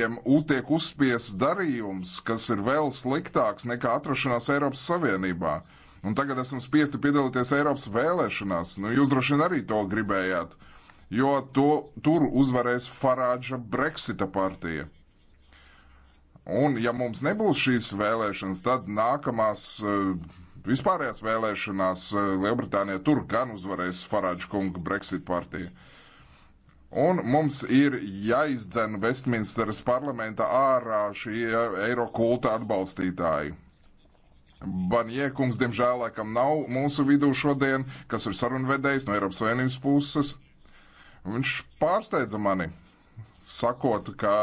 Viņiem tiek uzspiests darījums, kas ir vēl sliktāks nekā atrašanās Eiropas Savienībā. Un tagad esam spiesti piedalīties Eiropas vēlēšanās. Nu, jūs droši vien arī to gribējāt, jo to, tur uzvarēs Farāģa Brexita partija. Un ja mums nebūs šīs vēlēšanas, tad nākamās eh, vispārējās vēlēšanās eh, Lielbritānijā tur gan uzvarēs Farāģa kunga Brexit partija. Un mums ir jāizdzen Vestminsteras parlamenta ārā šie eiro kulta atbalstītāji. Banjēkungs, diemžēl, laikam nav mūsu vidū šodien, kas ir sarunvedējs no Eiropas Savienības puses. Viņš pārsteidza mani, sakot, ka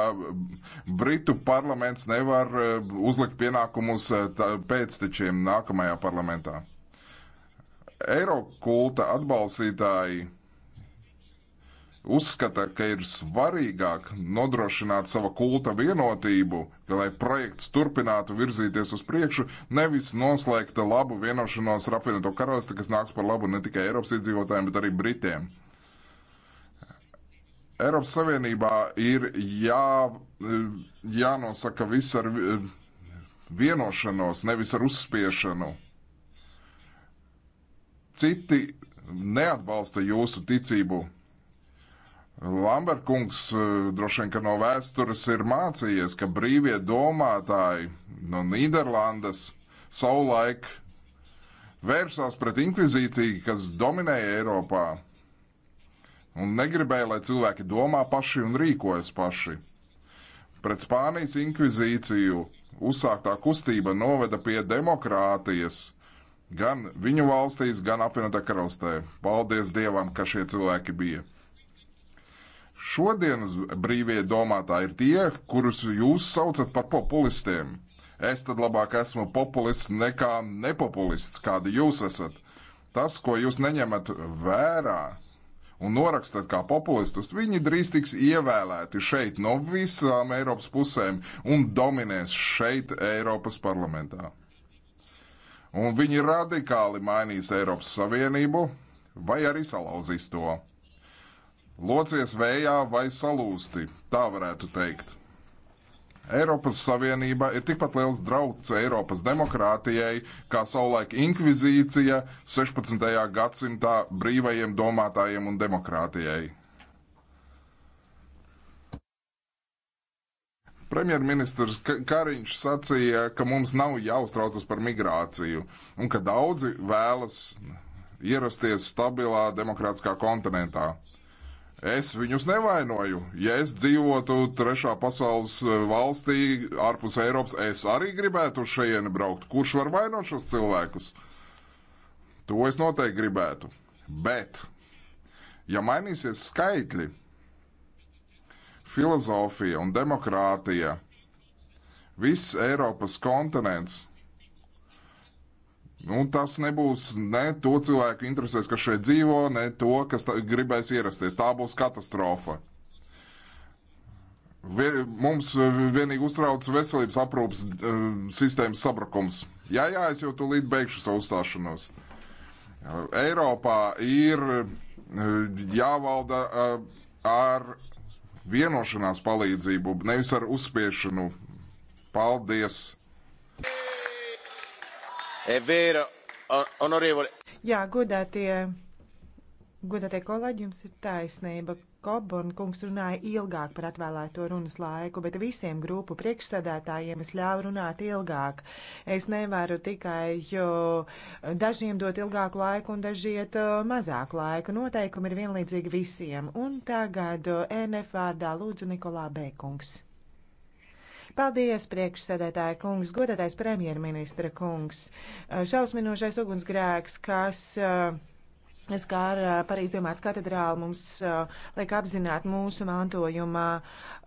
Britu parlaments nevar e, uzlikt pienākumus e, pēctečiem nākamajā parlamentā. Eiro kulta atbalstītāji uzskata, ka ir svarīgāk nodrošināt sava kulta vienotību, ka, lai projekts turpinātu virzīties uz priekšu, nevis noslēgta labu vienošanos ar apvienoto karalisti, kas nāks par labu ne tikai Eiropas iedzīvotājiem, bet arī Britiem. Eiropas Savienībā ir jā, jānosaka viss ar vienošanos, nevis ar uzspiešanu. Citi neatbalsta jūsu ticību Lambert kungs eh, droši vien, ka no vēstures ir mācījies, ka brīvie domātāji no Nīderlandes savulaik vērsās pret inkvizīciju, kas dominēja Eiropā un negribēja, lai cilvēki domā paši un rīkojas paši. Pret Spānijas inkvizīciju uzsāktā kustība noveda pie demokrātijas gan viņu valstīs, gan apvienotā karalstē. Paldies Dievam, ka šie cilvēki bija! Šodienas brīvie domātāji ir tie, kurus jūs saucat par populistiem. Es tad labāk esmu populists nekā nepopulists, kādi jūs esat. Tas, ko jūs neņemat vērā un norakstat kā populistus, viņi drīz tiks ievēlēti šeit no visām Eiropas pusēm un dominēs šeit Eiropas parlamentā. Un viņi radikāli mainīs Eiropas Savienību vai arī salauzīs to. Locies vējā vai salūsti, tā varētu teikt. Eiropas Savienība ir tikpat liels drauds Eiropas demokrātijai, kā savulaik inkvizīcija 16. gadsimtā brīvajiem domātājiem un demokrātijai. Premjerministrs Kariņš sacīja, ka mums nav jāuztraucas par migrāciju un ka daudzi vēlas ierasties stabilā demokrātiskā kontinentā. Es viņus nevainoju. Ja es dzīvotu trešā pasaules e, valstī, ārpus Eiropas, es arī gribētu uz šejienu braukt. Kurš var vainot šos cilvēkus? To es noteikti gribētu. Bet, ja mainīsies skaitļi, filozofija un demokrātija, viss Eiropas kontinents Nu, tas nebūs ne to cilvēku interesēs, kas šeit dzīvo, ne to, kas gribēs ierasties. Tā būs katastrofa. Vie, mums vienīgi uztrauc veselības aprūpas uh, sistēmas sabrukums. Jā, jā, es jau tūlīt beigšu savu uzstāšanos. Uh, Eiropā ir uh, jāvalda eh, ar vienošanās palīdzību, nevis ar uzspiešanu. Paldies! È vero, honorevole. Jā, godātie, godātie kolēģi, jums ir taisnība. Koborn kungs runāja ilgāk par atvēlēto runas laiku, bet visiem grupu priekšsēdētājiem es ļāvu runāt ilgāk. Es nevaru tikai dažiem dot ilgāku laiku un dažiet uh, mazāku laiku. Noteikumi ir vienlīdzīgi visiem. Un tagad uh, NF vārdā lūdzu Nikolā Bēkungs. Paldies, priekšsēdētāja kungs, godātais premjerministra kungs. Šausminošais ugunsgrēks, kas. Uh, Es kā ar Parīz domāts katedrāli mums uh, liek apzināt mūsu mantojuma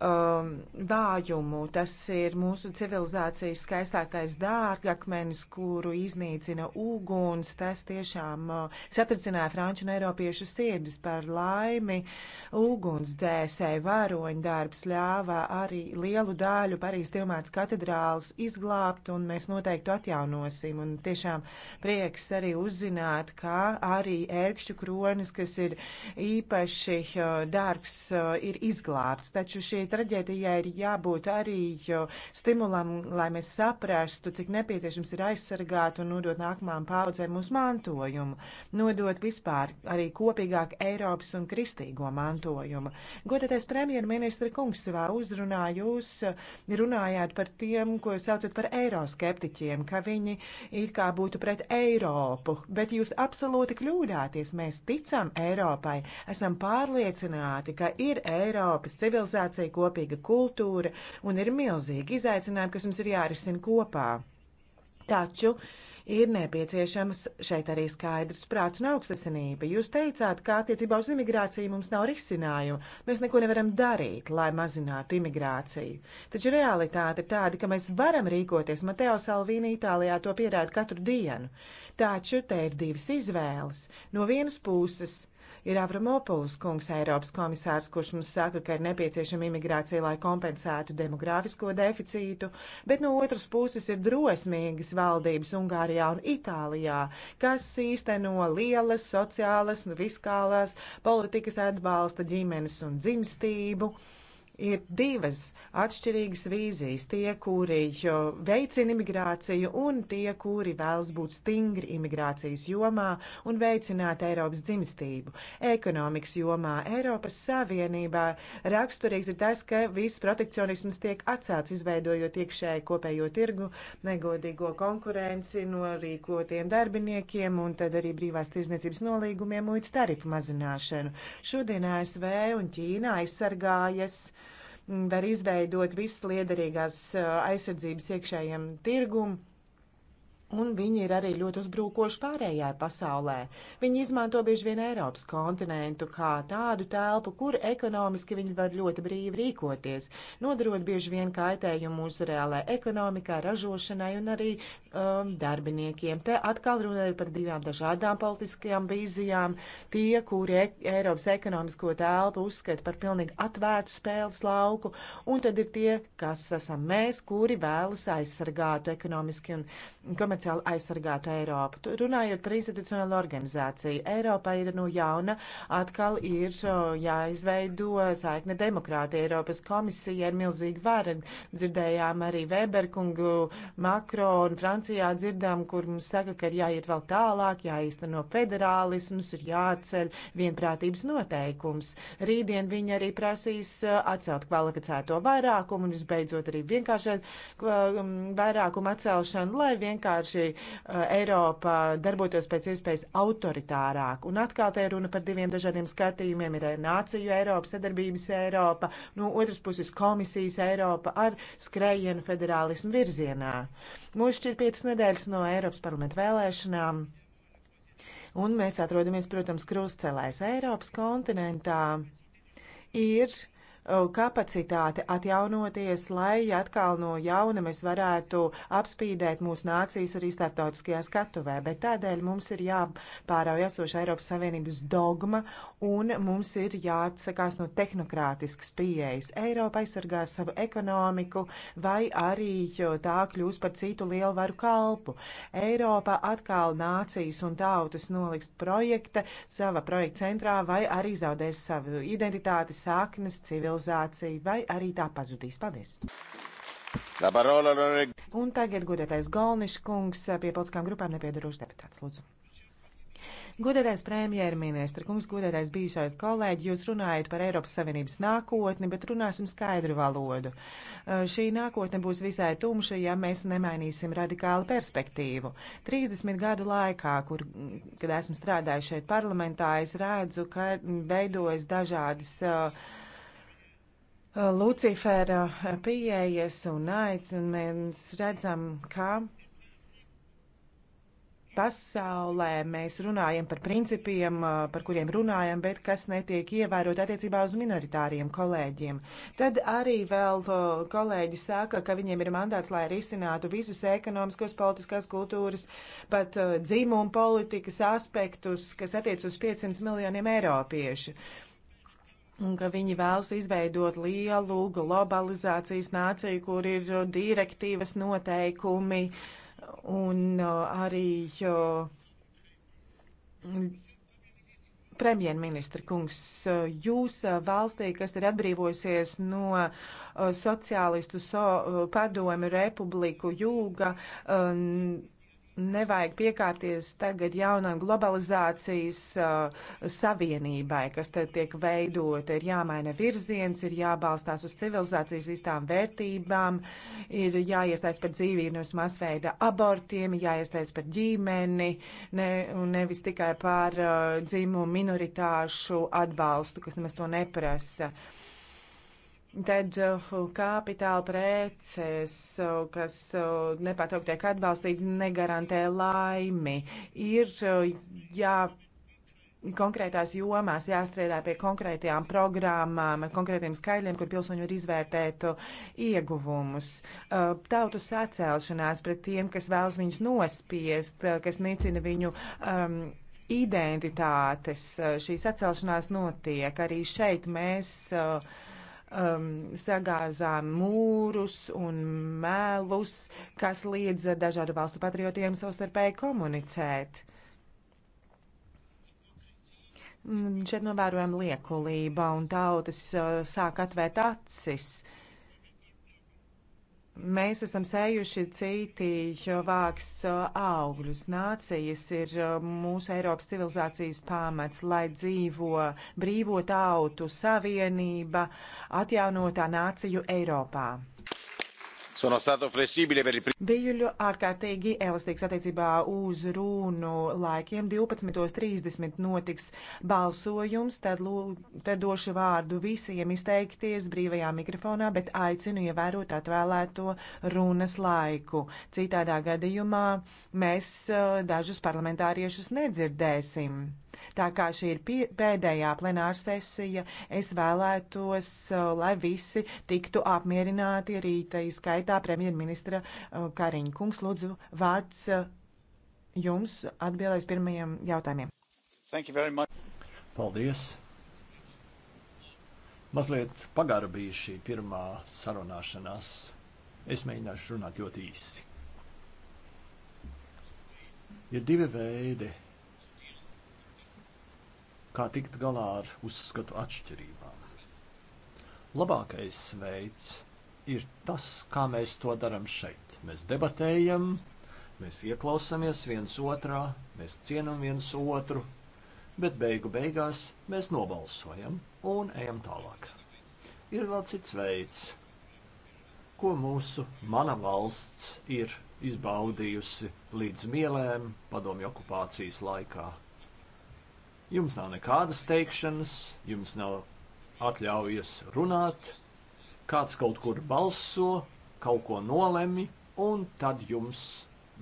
um, vājumu. Tas ir mūsu civilizācijas skaistākais dārgakmenis, kuru iznīcina uguns. Tas tiešām uh, satricināja franču un eiropiešu sirdis par laimi. Uguns dzēsēja varoņu darbs ļāva arī lielu daļu Parīz domāts katedrāls izglābt, un mēs noteikti atjaunosim. Un tiešām prieks arī uzzināt, ka arī Eiropā pērkšķu kronis, kas ir īpaši dārgs, ir izglābts. Taču šī traģēdija ir jābūt arī stimulam, lai mēs saprastu, cik nepieciešams ir aizsargāt un nodot nākamām paudzēm mūsu mantojumu, nodot vispār arī kopīgāk Eiropas un kristīgo mantojumu. Godātais premjerministra kungs savā uzrunā jūs runājāt par tiem, ko saucat par eiroskeptiķiem, ka viņi it kā būtu pret Eiropu, bet jūs absolūti kļūdāties darboties. Mēs ticam Eiropai, esam pārliecināti, ka ir Eiropas civilizācija, kopīga kultūra un ir milzīgi izaicinājumi, kas mums ir jārisina kopā. Taču uh, ir nepieciešamas šeit arī skaidrs prāts un augstasinība. Jūs teicāt, ka attiecībā uz imigrāciju mums nav risinājumu. Mēs neko nevaram darīt, lai mazinātu imigrāciju. Taču realitāte ir tāda, ka mēs varam rīkoties. Mateo Salvīni Itālijā to pierāda katru dienu. Taču te ir divas izvēles. No vienas puses ir Avramopoulos kungs, Eiropas komisārs, kurš mums saka, ka ir nepieciešama imigrācija, lai kompensētu demogrāfisko deficītu, bet no otras puses ir drosmīgas valdības Ungārijā un Itālijā, kas īsteno lielas sociālas un fiskālās politikas atbalsta ģimenes un dzimstību. Uh, ir divas atšķirīgas vīzijas. Tie, kuri veicina imigrāciju un tie, kuri vēlas būt stingri imigrācijas jomā un veicināt Eiropas dzimstību. Ekonomikas jomā Eiropas Savienībā raksturīgs ir tas, ka viss protekcionisms tiek atcelts, izveidojot iekšēju kopējo tirgu, negodīgo konkurenci, norīkotiem darbiniekiem un tad arī brīvās tirzniecības nolīgumiem muitas tarifu mazināšanu. Šodien ASV un Ķīna aizsargājas. Uh, var izveidot visas liederīgās eh, aizsardzības iekšējiem tirgumam Un viņi ir arī ļoti uzbrukoši pārējai pasaulē. Viņi izmanto bieži vien Eiropas kontinentu kā tādu telpu, kur ekonomiski viņi var ļoti brīvi rīkoties, nodarot bieži vien kaitējumu mūsu reālajai ekonomikai, ražošanai un arī um, darbiniekiem. Te atkal runāju par divām dažādām politiskajām vīzijām. Tie, kuri e Eiropas ekonomisko telpu uzskata par pilnīgi atvērtu spēles lauku, un tad ir tie, kas esam mēs, kuri vēlas aizsargātu ekonomiski un komerciāli finansiāli aizsargātu Eiropu. Tu runājot par institucionālo organizāciju, Eiropā ir no jauna atkal ir jāizveido saikne demokrātija. Eiropas komisija ir milzīgi vara. Dzirdējām arī Weberkungu, Makronu, Francijā dzirdām, kur mums saka, ka ir jāiet vēl tālāk, jāīsteno federālisms, ir jāceļ vienprātības noteikums. Rītdien viņi arī prasīs atcelt kvalificēto vairākumu un visbeidzot arī vienkārši vairākumu atcelšanu, lai vienkārši vienkārši eh, Eiropa darbotos pēc iespējas autoritārāk. Un atkal te ir runa par diviem dažādiem skatījumiem. Ir nāciju Eiropa, sadarbības Eiropa, no otras puses komisijas Eiropa ar skrējienu federālismu virzienā. Mūs šķir piecas nedēļas no Eiropas parlamenta vēlēšanām. Un mēs atrodamies, protams, krustcelēs Eiropas kontinentā. Ir uh, Uh, kapacitāti atjaunoties, lai atkal no jauna mēs varētu apspīdēt mūsu nācijas arī starptautiskajā skatuvē. Bet tādēļ mums ir jāpārauj esoša Eiropas Savienības dogma un mums ir jāatsakās no tehnokrātiskas pieejas. Eiropa aizsargās savu ekonomiku vai arī tā kļūs par citu lielu varu kalpu. Eiropa atkal nācijas un tautas noliks projekta, sava projekta centrā vai arī zaudēs savu identitāti, saknes, civil stabilizāciju, vai arī tā pazudīs. Paldies! Parola... Un tagad godētais Galnišs kungs eh, pie politiskām grupām nepiedarošs deputāts. Lūdzu. Godētais premjerministra, kungs, godētais bijušais kolēģi, jūs runājat par Eiropas Savienības nākotni, bet runāsim skaidru valodu. Eh, šī nākotne būs visai tumša, ja mēs nemainīsim radikālu perspektīvu. 30 gadu laikā, kur, kad esmu strādājis šeit parlamentā, es redzu, ka veidojas dažādas uh, Uh, Lucifera pieejas un aids, un mēs redzam, ka pasaulē mēs runājam par principiem, uh, par kuriem runājam, bet kas netiek ievērot attiecībā uz minoritāriem kolēģiem. Tad arī vēl uh, kolēģi saka, ka viņiem ir mandāts, lai risinātu visas ekonomiskos, politiskās kultūras, pat dzimumu politikas aspektus, kas attiec uz 500 miljoniem eiropiešu un ka viņi vēlas izveidot lielu globalizācijas nāciju, kur ir uh, direktīvas noteikumi un uh, arī uh, premjerministra kungs, jūs valstī, kas ir atbrīvojusies no sociālistu so, padomi republiku jūga, um, nevajag piekārties tagad jaunam globalizācijas uh, savienībai, kas te tiek veidota. Ir jāmaina virziens, ir jābalstās uz civilizācijas īstām vērtībām, ir jāiestājas par dzīvību nevis masveida abortiem, jāiestājas par ģimeni ne, un nevis tikai par uh, dzimumu minoritāšu atbalstu, kas nemaz to neprasa. Uh, Tad uh, kapitāla preces, uh, kas uh, nepārtraukti tiek atbalstīts, negarantē laimi. Ir jā, konkrētās jomās jāstrādā pie konkrētajām programmām, ar konkrētiem skaidriem, kur pilsoņi var izvērtēt ieguvumus. Tautu sacēlšanās pret tiem, kas vēlas viņus nospiest, kas nicina viņu. Um, Identitātes šīs atcelšanās notiek. Arī šeit mēs uh, um, sagāzām mūrus un mēlus, kas liedza dažādu valstu patriotiem savstarpēji komunicēt. Mm, šeit novērojam liekulība un tautas uh, sāk atvērt acis. Uh, Mēs esam sējuši citi vāks augļus. Nācijas ir uh, mūsu Eiropas civilizācijas pamats, lai dzīvo brīvo tautu savienība atjaunotā nāciju Eiropā. Sono stato flessibile per il primo. Biju ārkārtīgi elastīgs attiecībā uz runu laikiem. 12.30 notiks balsojums, tad, lū, tad došu vārdu visiem izteikties brīvajā mikrofonā, bet aicinu ievērot atvēlēto runas laiku. Citādā gadījumā mēs eh, dažus parlamentāriešus nedzirdēsim. Tā kā šī ir pēdējā plenāra sesija, es vēlētos, uh, lai visi tiktu apmierināti arī tai skaitā premjerministra uh, Kariņa kungs. Lūdzu, vārds uh, jums atbildēs pirmajiem jautājumiem. Paldies! Mazliet pagara bija šī pirmā sarunāšanās. Es mēģināšu runāt ļoti īsi. Ir divi veidi, kā tikt galā ar uzskatu atšķirībām. Labākais veids ir tas, kā mēs to darām šeit. Mēs debatējam, mēs ieklausāmies viens otrā, mēs cienām viens otru, bet beigu beigās mēs nobalsojam un ejam tālāk. Ir vēl cits veids, ko mūsu mana valsts ir izbaudījusi līdz mielēm padomju okupācijas laikā Jums nav nekādas teikšanas, jums nav atļaujas runāt, kāds kaut kur balso, kaut ko nolemi, un tad jums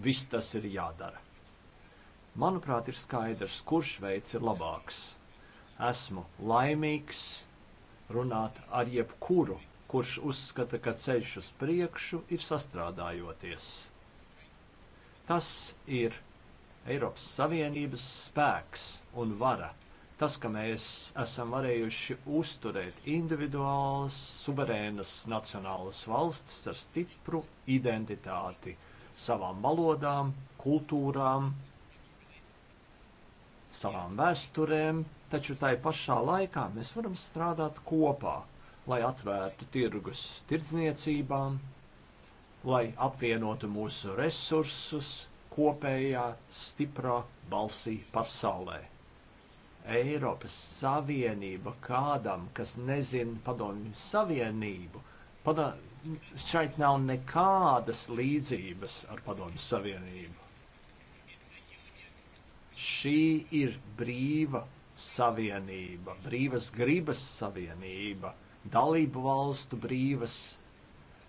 viss tas ir jādara. Manuprāt, ir skaidrs, kurš veids ir labāks. Esmu laimīgs runāt ar jebkuru, kurš uzskata, ka ceļš uz priekšu ir sastrādājoties. Tas ir Eiropas Savienības spēks un vara. Tas, ka mēs esam varējuši uzturēt individuālas, suverēnas nacionālas valstis ar stipru identitāti, savām valodām, kultūrām, savām vēsturēm, taču tai pašā laikā mēs varam strādāt kopā, lai atvērtu tirgus tirdzniecībām, lai apvienotu mūsu resursus, kopējā stiprā balsī pasaulē. Eiropas Savienība kādam, kas nezina padomju Savienību, padom, šeit nav nekādas līdzības ar padomju Savienību. Šī ir brīva savienība, brīvas gribas savienība, dalību valstu brīvas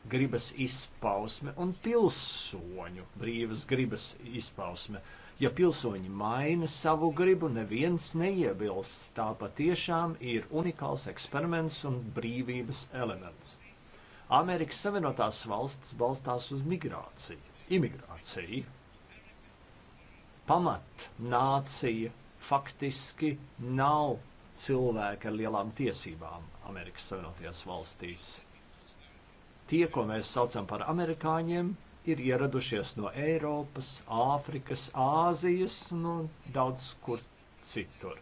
gribas izpausme un pilsoņu brīvas gribas izpausme. Ja pilsoņi maina savu gribu, neviens neiebilst. Tā patiešām ir unikāls eksperiments un brīvības elements. Amerikas Savienotās valsts balstās uz migrāciju, imigrāciju. Pamat nācija faktiski nav cilvēki ar lielām tiesībām Amerikas Savienotajās valstīs Tie, ko mēs saucam par amerikāņiem, ir ieradušies no Eiropas, Āfrikas, Āzijas un nu, no daudz kur citur.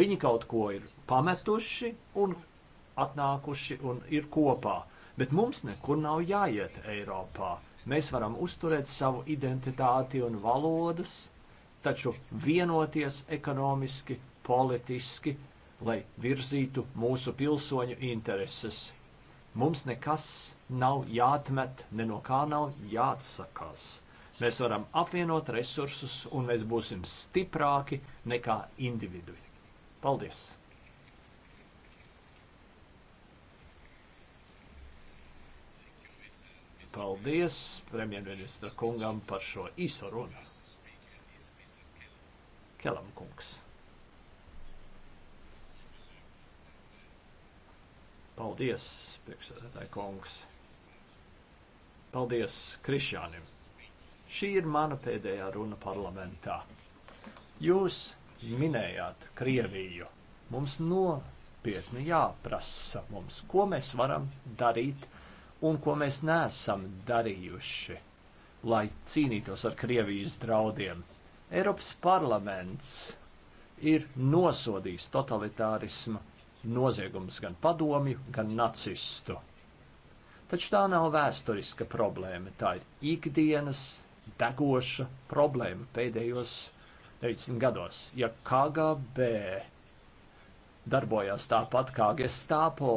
Viņi kaut ko ir pametuši un atnākuši un ir kopā, bet mums nekur nav jāiet Eiropā. Mēs varam uzturēt savu identitāti un valodas, taču vienoties ekonomiski, politiski, lai virzītu mūsu pilsoņu intereses. Mums nekas nav jāatmet, ne no kā nav jāatsakās. Mēs varam apvienot resursus un mēs būsim stiprāki nekā individui. Paldies! Paldies premjerministra kungam par šo īso runu. Kelam kungs. Paldies, priekšsēdētāji kungs. Paldies Krišjānim. Šī ir mana pēdējā runa parlamentā. Jūs minējāt Krieviju. Mums nopietni jāprasa mums, ko mēs varam darīt un ko mēs neesam darījuši, lai cīnītos ar Krievijas draudiem. Eiropas parlaments ir nosodījis totalitārismu noziegums gan padomju, gan nacistu. Taču tā nav vēsturiska problēma, tā ir ikdienas degoša problēma pēdējos 90 gados. Ja KGB darbojās tāpat kā Gestapo,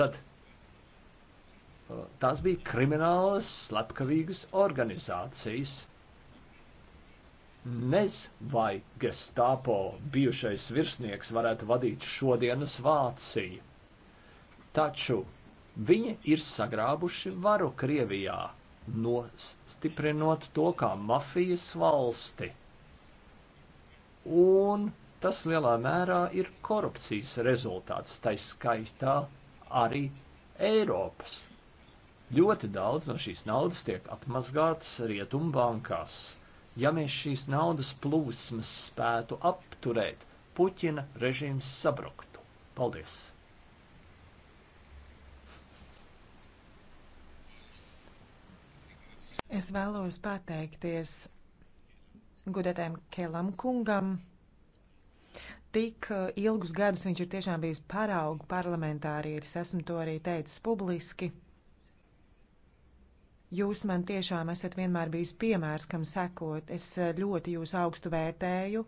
tad uh, tās bija kriminālas, slepkavīgas organizācijas, Nez vai Gestapo bijušais virsnieks varētu vadīt šodienas Vāciju. Taču viņi ir sagrābuši varu Krievijā, nostiprinot to kā mafijas valsti. Un tas lielā mērā ir korupcijas rezultāts, tai skaistā arī Eiropas. Ļoti daudz no šīs naudas tiek atmazgātas rietumbankās. Ja mēs šīs naudas plūsmas spētu apturēt, Puķina režīms sabruktu. Paldies! Es vēlos pateikties gudētājiem Kelam kungam. Tik uh, ilgus gadus viņš ir tiešām bijis paraugu parlamentārietis, esmu to arī teicis publiski. Jūs man tiešām esat vienmēr bijis piemērs, kam sekot. Es eh, ļoti jūs augstu vērtēju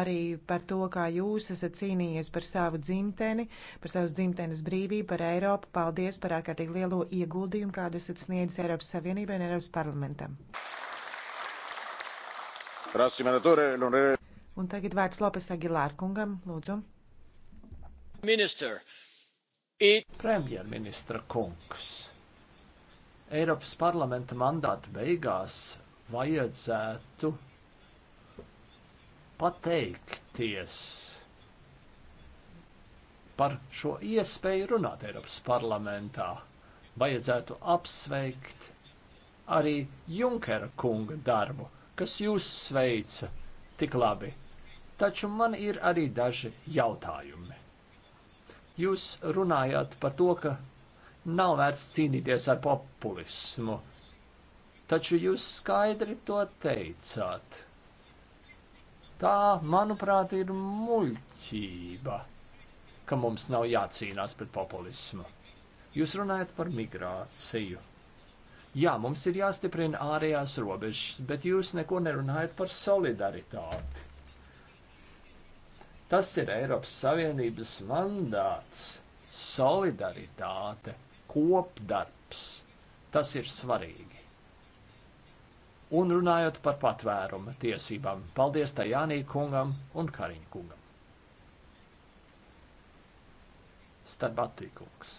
arī par to, kā jūs esat cīnījies par savu dzimteni, par savas dzimtenes brīvību, par Eiropu. Paldies par ārkārtīgi lielo ieguldījumu, kādu esat sniedzis Eiropas Savienībai un Eiropas parlamentam. Un tagad vārds Lopes Agilār kungam, lūdzu. Minister, it... Premjerministra kungs Eiropas parlamenta mandāta beigās vajadzētu pateikties par šo iespēju runāt Eiropas parlamentā. Vajadzētu apsveikt arī Junkera kunga darbu, kas jūs sveica tik labi. Taču man ir arī daži jautājumi. Jūs runājāt par to, ka Nav vērts cīnīties ar populismu. Taču jūs skaidri to teicāt. Tā, manuprāt, ir muļķība, ka mums nav jācīnās pret populismu. Jūs runājat par migrāciju. Jā, mums ir jāstiprina ārējās robežas, bet jūs neko nerunājat par solidaritāti. Tas ir Eiropas Savienības mandāts - solidaritāte kopdarbs. Tas ir svarīgi. Un runājot par patvērumu tiesībām, paldies Tajānī kungam un Kariņa kungam. Starbatī kungs.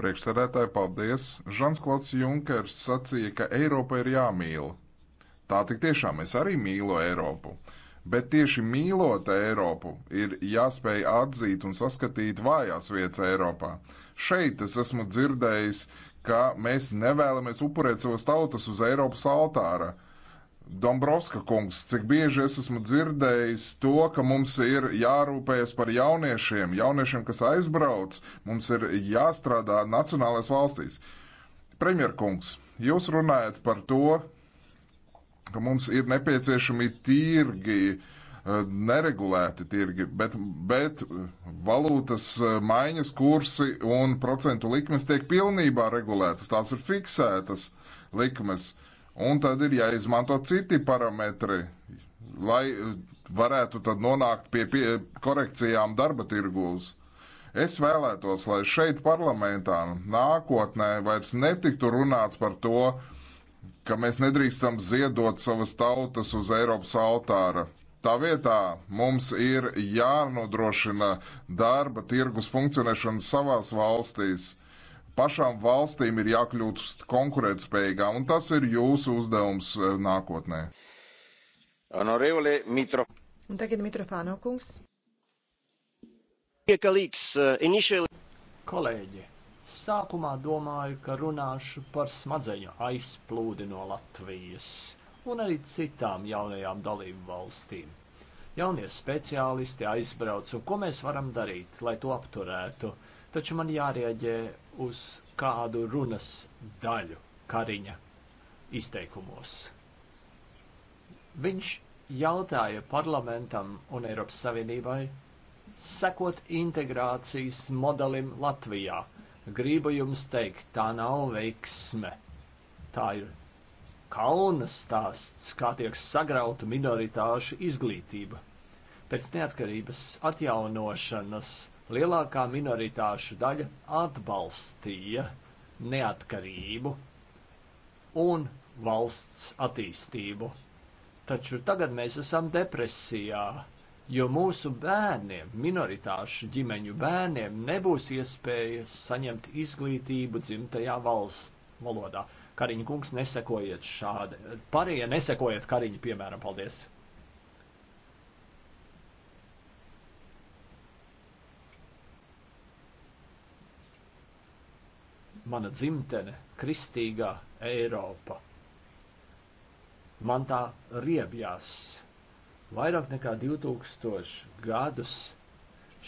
Priekšsēdētāji, paldies! Žans Klauds Junkers sacīja, ka Eiropa ir jāmīl. Tā tik tiešām es arī mīlu Eiropu. Bet tieši mīlot Eiropu ir jāspēj atzīt un saskatīt vājās vietas Eiropā. Šeit es esmu dzirdējis, ka mēs nevēlamies upurēt savas tautas uz Eiropas altāra. Dombrovska kungs, cik bieži es esmu dzirdējis to, ka mums ir jārūpējas par jauniešiem, jauniešiem, kas aizbrauc, mums ir jāstrādā nacionālais valstīs. Premjerkungs, jūs runājat par to, ka mums ir nepieciešami tirgi, eh, neregulēti tirgi, bet, bet valūtas eh, maiņas kursi un procentu likmes tiek pilnībā regulētas. Tās ir fiksētas likmes. Un tad ir jāizmanto citi parametri, lai eh, varētu tad nonākt pie, pie korekcijām darba tirgūs. Es vēlētos, lai šeit parlamentā nākotnē vairs netiktu runāts par to, uh, ka mēs nedrīkstam ziedot savas tautas uz Eiropas altāra. Tā vietā mums ir jānodrošina darba tirgus funkcionēšana savās valstīs. Pašām valstīm ir jākļūt konkurētspējīgām, un tas ir jūsu uzdevums eh, nākotnē. Honorevole Mitro. Un tagad Mitrofāno kungs. Uh, Kolēģi, Sākumā domāju, ka runāšu par smadzeņu aizplūdi no Latvijas un arī citām jaunajām dalību valstīm. Jaunie speciālisti aizbrauc, un ko mēs varam darīt, lai to apturētu? Taču man jārieģē uz kādu runas daļu Kariņa izteikumos. Viņš jautāja parlamentam un Eiropas Savienībai sekot integrācijas modelim Latvijā – Gribu jums teikt, tā nav veiksme. Tā ir kauna stāsts, kā tiek sagrauta minoritāšu izglītība. Pēc neatkarības atjaunošanas lielākā minoritāšu daļa atbalstīja neatkarību un valsts attīstību. Taču tagad mēs esam depresijā jo mūsu bērniem, minoritāšu ģimeņu bērniem, nebūs iespējas saņemt izglītību dzimtajā valsts valodā. Kariņa kungs, nesekojiet šādi. Pārējie nesekojiet Kariņa, piemēram, paldies. Mana dzimtene, kristīgā Eiropa. Man tā riebjās Vairāk nekā 2000 gadus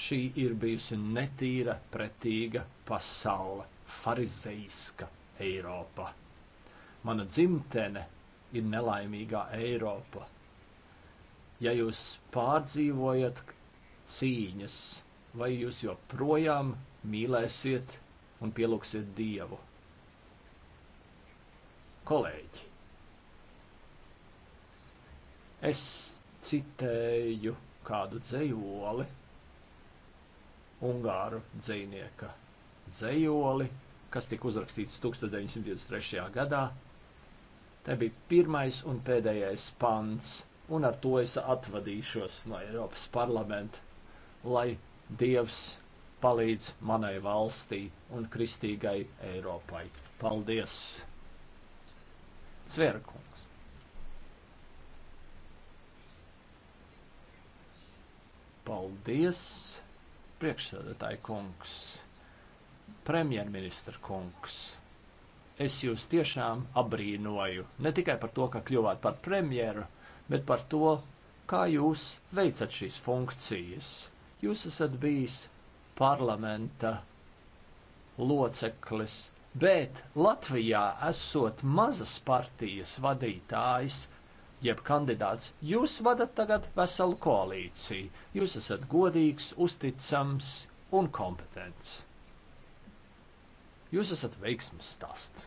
šī ir bijusi netīra, pretīga pasaule, farizeiska Eiropa. Mana dzimtene ir nelaimīgā Eiropa. Ja jūs pārdzīvojat cīņas, vai jūs joprojām mīlēsiet un pielūgsiet Dievu? Kolēģi, es citēju kādu dzējoli, ungāru dzējnieka dzējoli, kas tika uzrakstīts 1923. gadā. Te bija pirmais un pēdējais pants, un ar to es atvadīšos no Eiropas parlamenta, lai Dievs palīdz manai valstī un kristīgai Eiropai. Paldies! Cverku! Paldies, priekšsēdētāji kungs, premjerministra kungs. Es jūs tiešām abrīnoju ne tikai par to, ka kļuvāt par premjeru, bet par to, kā jūs veicat šīs funkcijas. Jūs esat bijis parlamenta loceklis, bet Latvijā esot mazas partijas vadītājs jeb kandidāts, jūs vadat tagad veselu koalīciju. Jūs esat godīgs, uzticams un kompetents. Jūs esat veiksmes stāsts.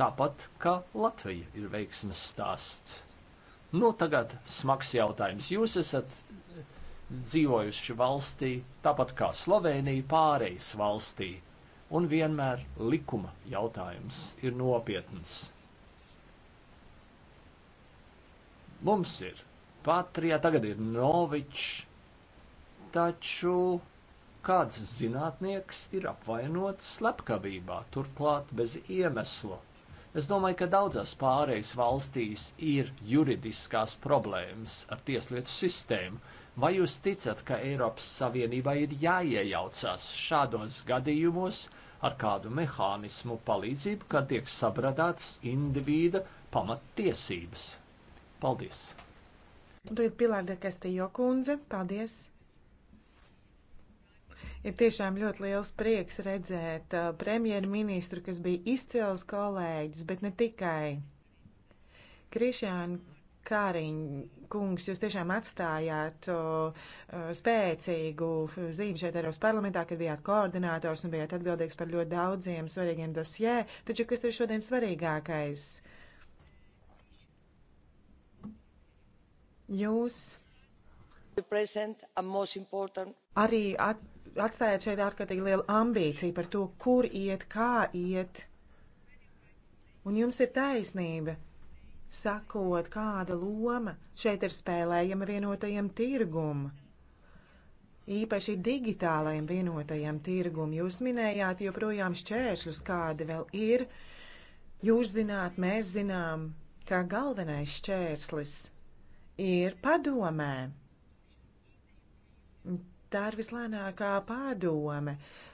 Tāpat kā Latvija ir veiksmes stāsts. Nu, tagad smags jautājums. Jūs esat dzīvojuši valstī, tāpat kā Slovenija, pārējais valstī un vienmēr likuma jautājums ir nopietns. Mums ir Patrijā, tagad ir Novičs, taču kāds zinātnieks ir apvainots slepkavībā, turklāt bez iemesla. Es domāju, ka daudzās pārējās valstīs ir juridiskās problēmas ar tieslietu sistēmu. Vai jūs ticat, ka Eiropas Savienībai ir jāiejaucās šādos gadījumos, ar kādu mehānismu palīdzību, kad tiek sabradātas individa pamattiesības. Paldies! Un tagad Pilārda Kastījo kundze, paldies! Ir tiešām ļoti liels prieks redzēt uh, premjerministru, kas bija izcils kolēģis, bet ne tikai. Krišāna Kāriņa kungs, jūs tiešām atstājāt o, o, spēcīgu zīmi šeit Eiropas parlamentā, kad bijāt koordinators un bijāt atbildīgs par ļoti daudziem svarīgiem dosjē, taču kas ir šodien svarīgākais? Jūs arī at, atstājāt šeit ārkārtīgi lielu ambīciju par to, kur iet, kā iet. Un jums ir taisnība sakot, kāda loma šeit ir spēlējama vienotajam tirgum, īpaši digitālajam vienotajam tirgum. Jūs minējāt joprojām šķēršļus, kādi vēl ir. Jūs zināt, mēs zinām, ka galvenais šķērslis ir padomē. Tā ir vislēnākā padome. Uh,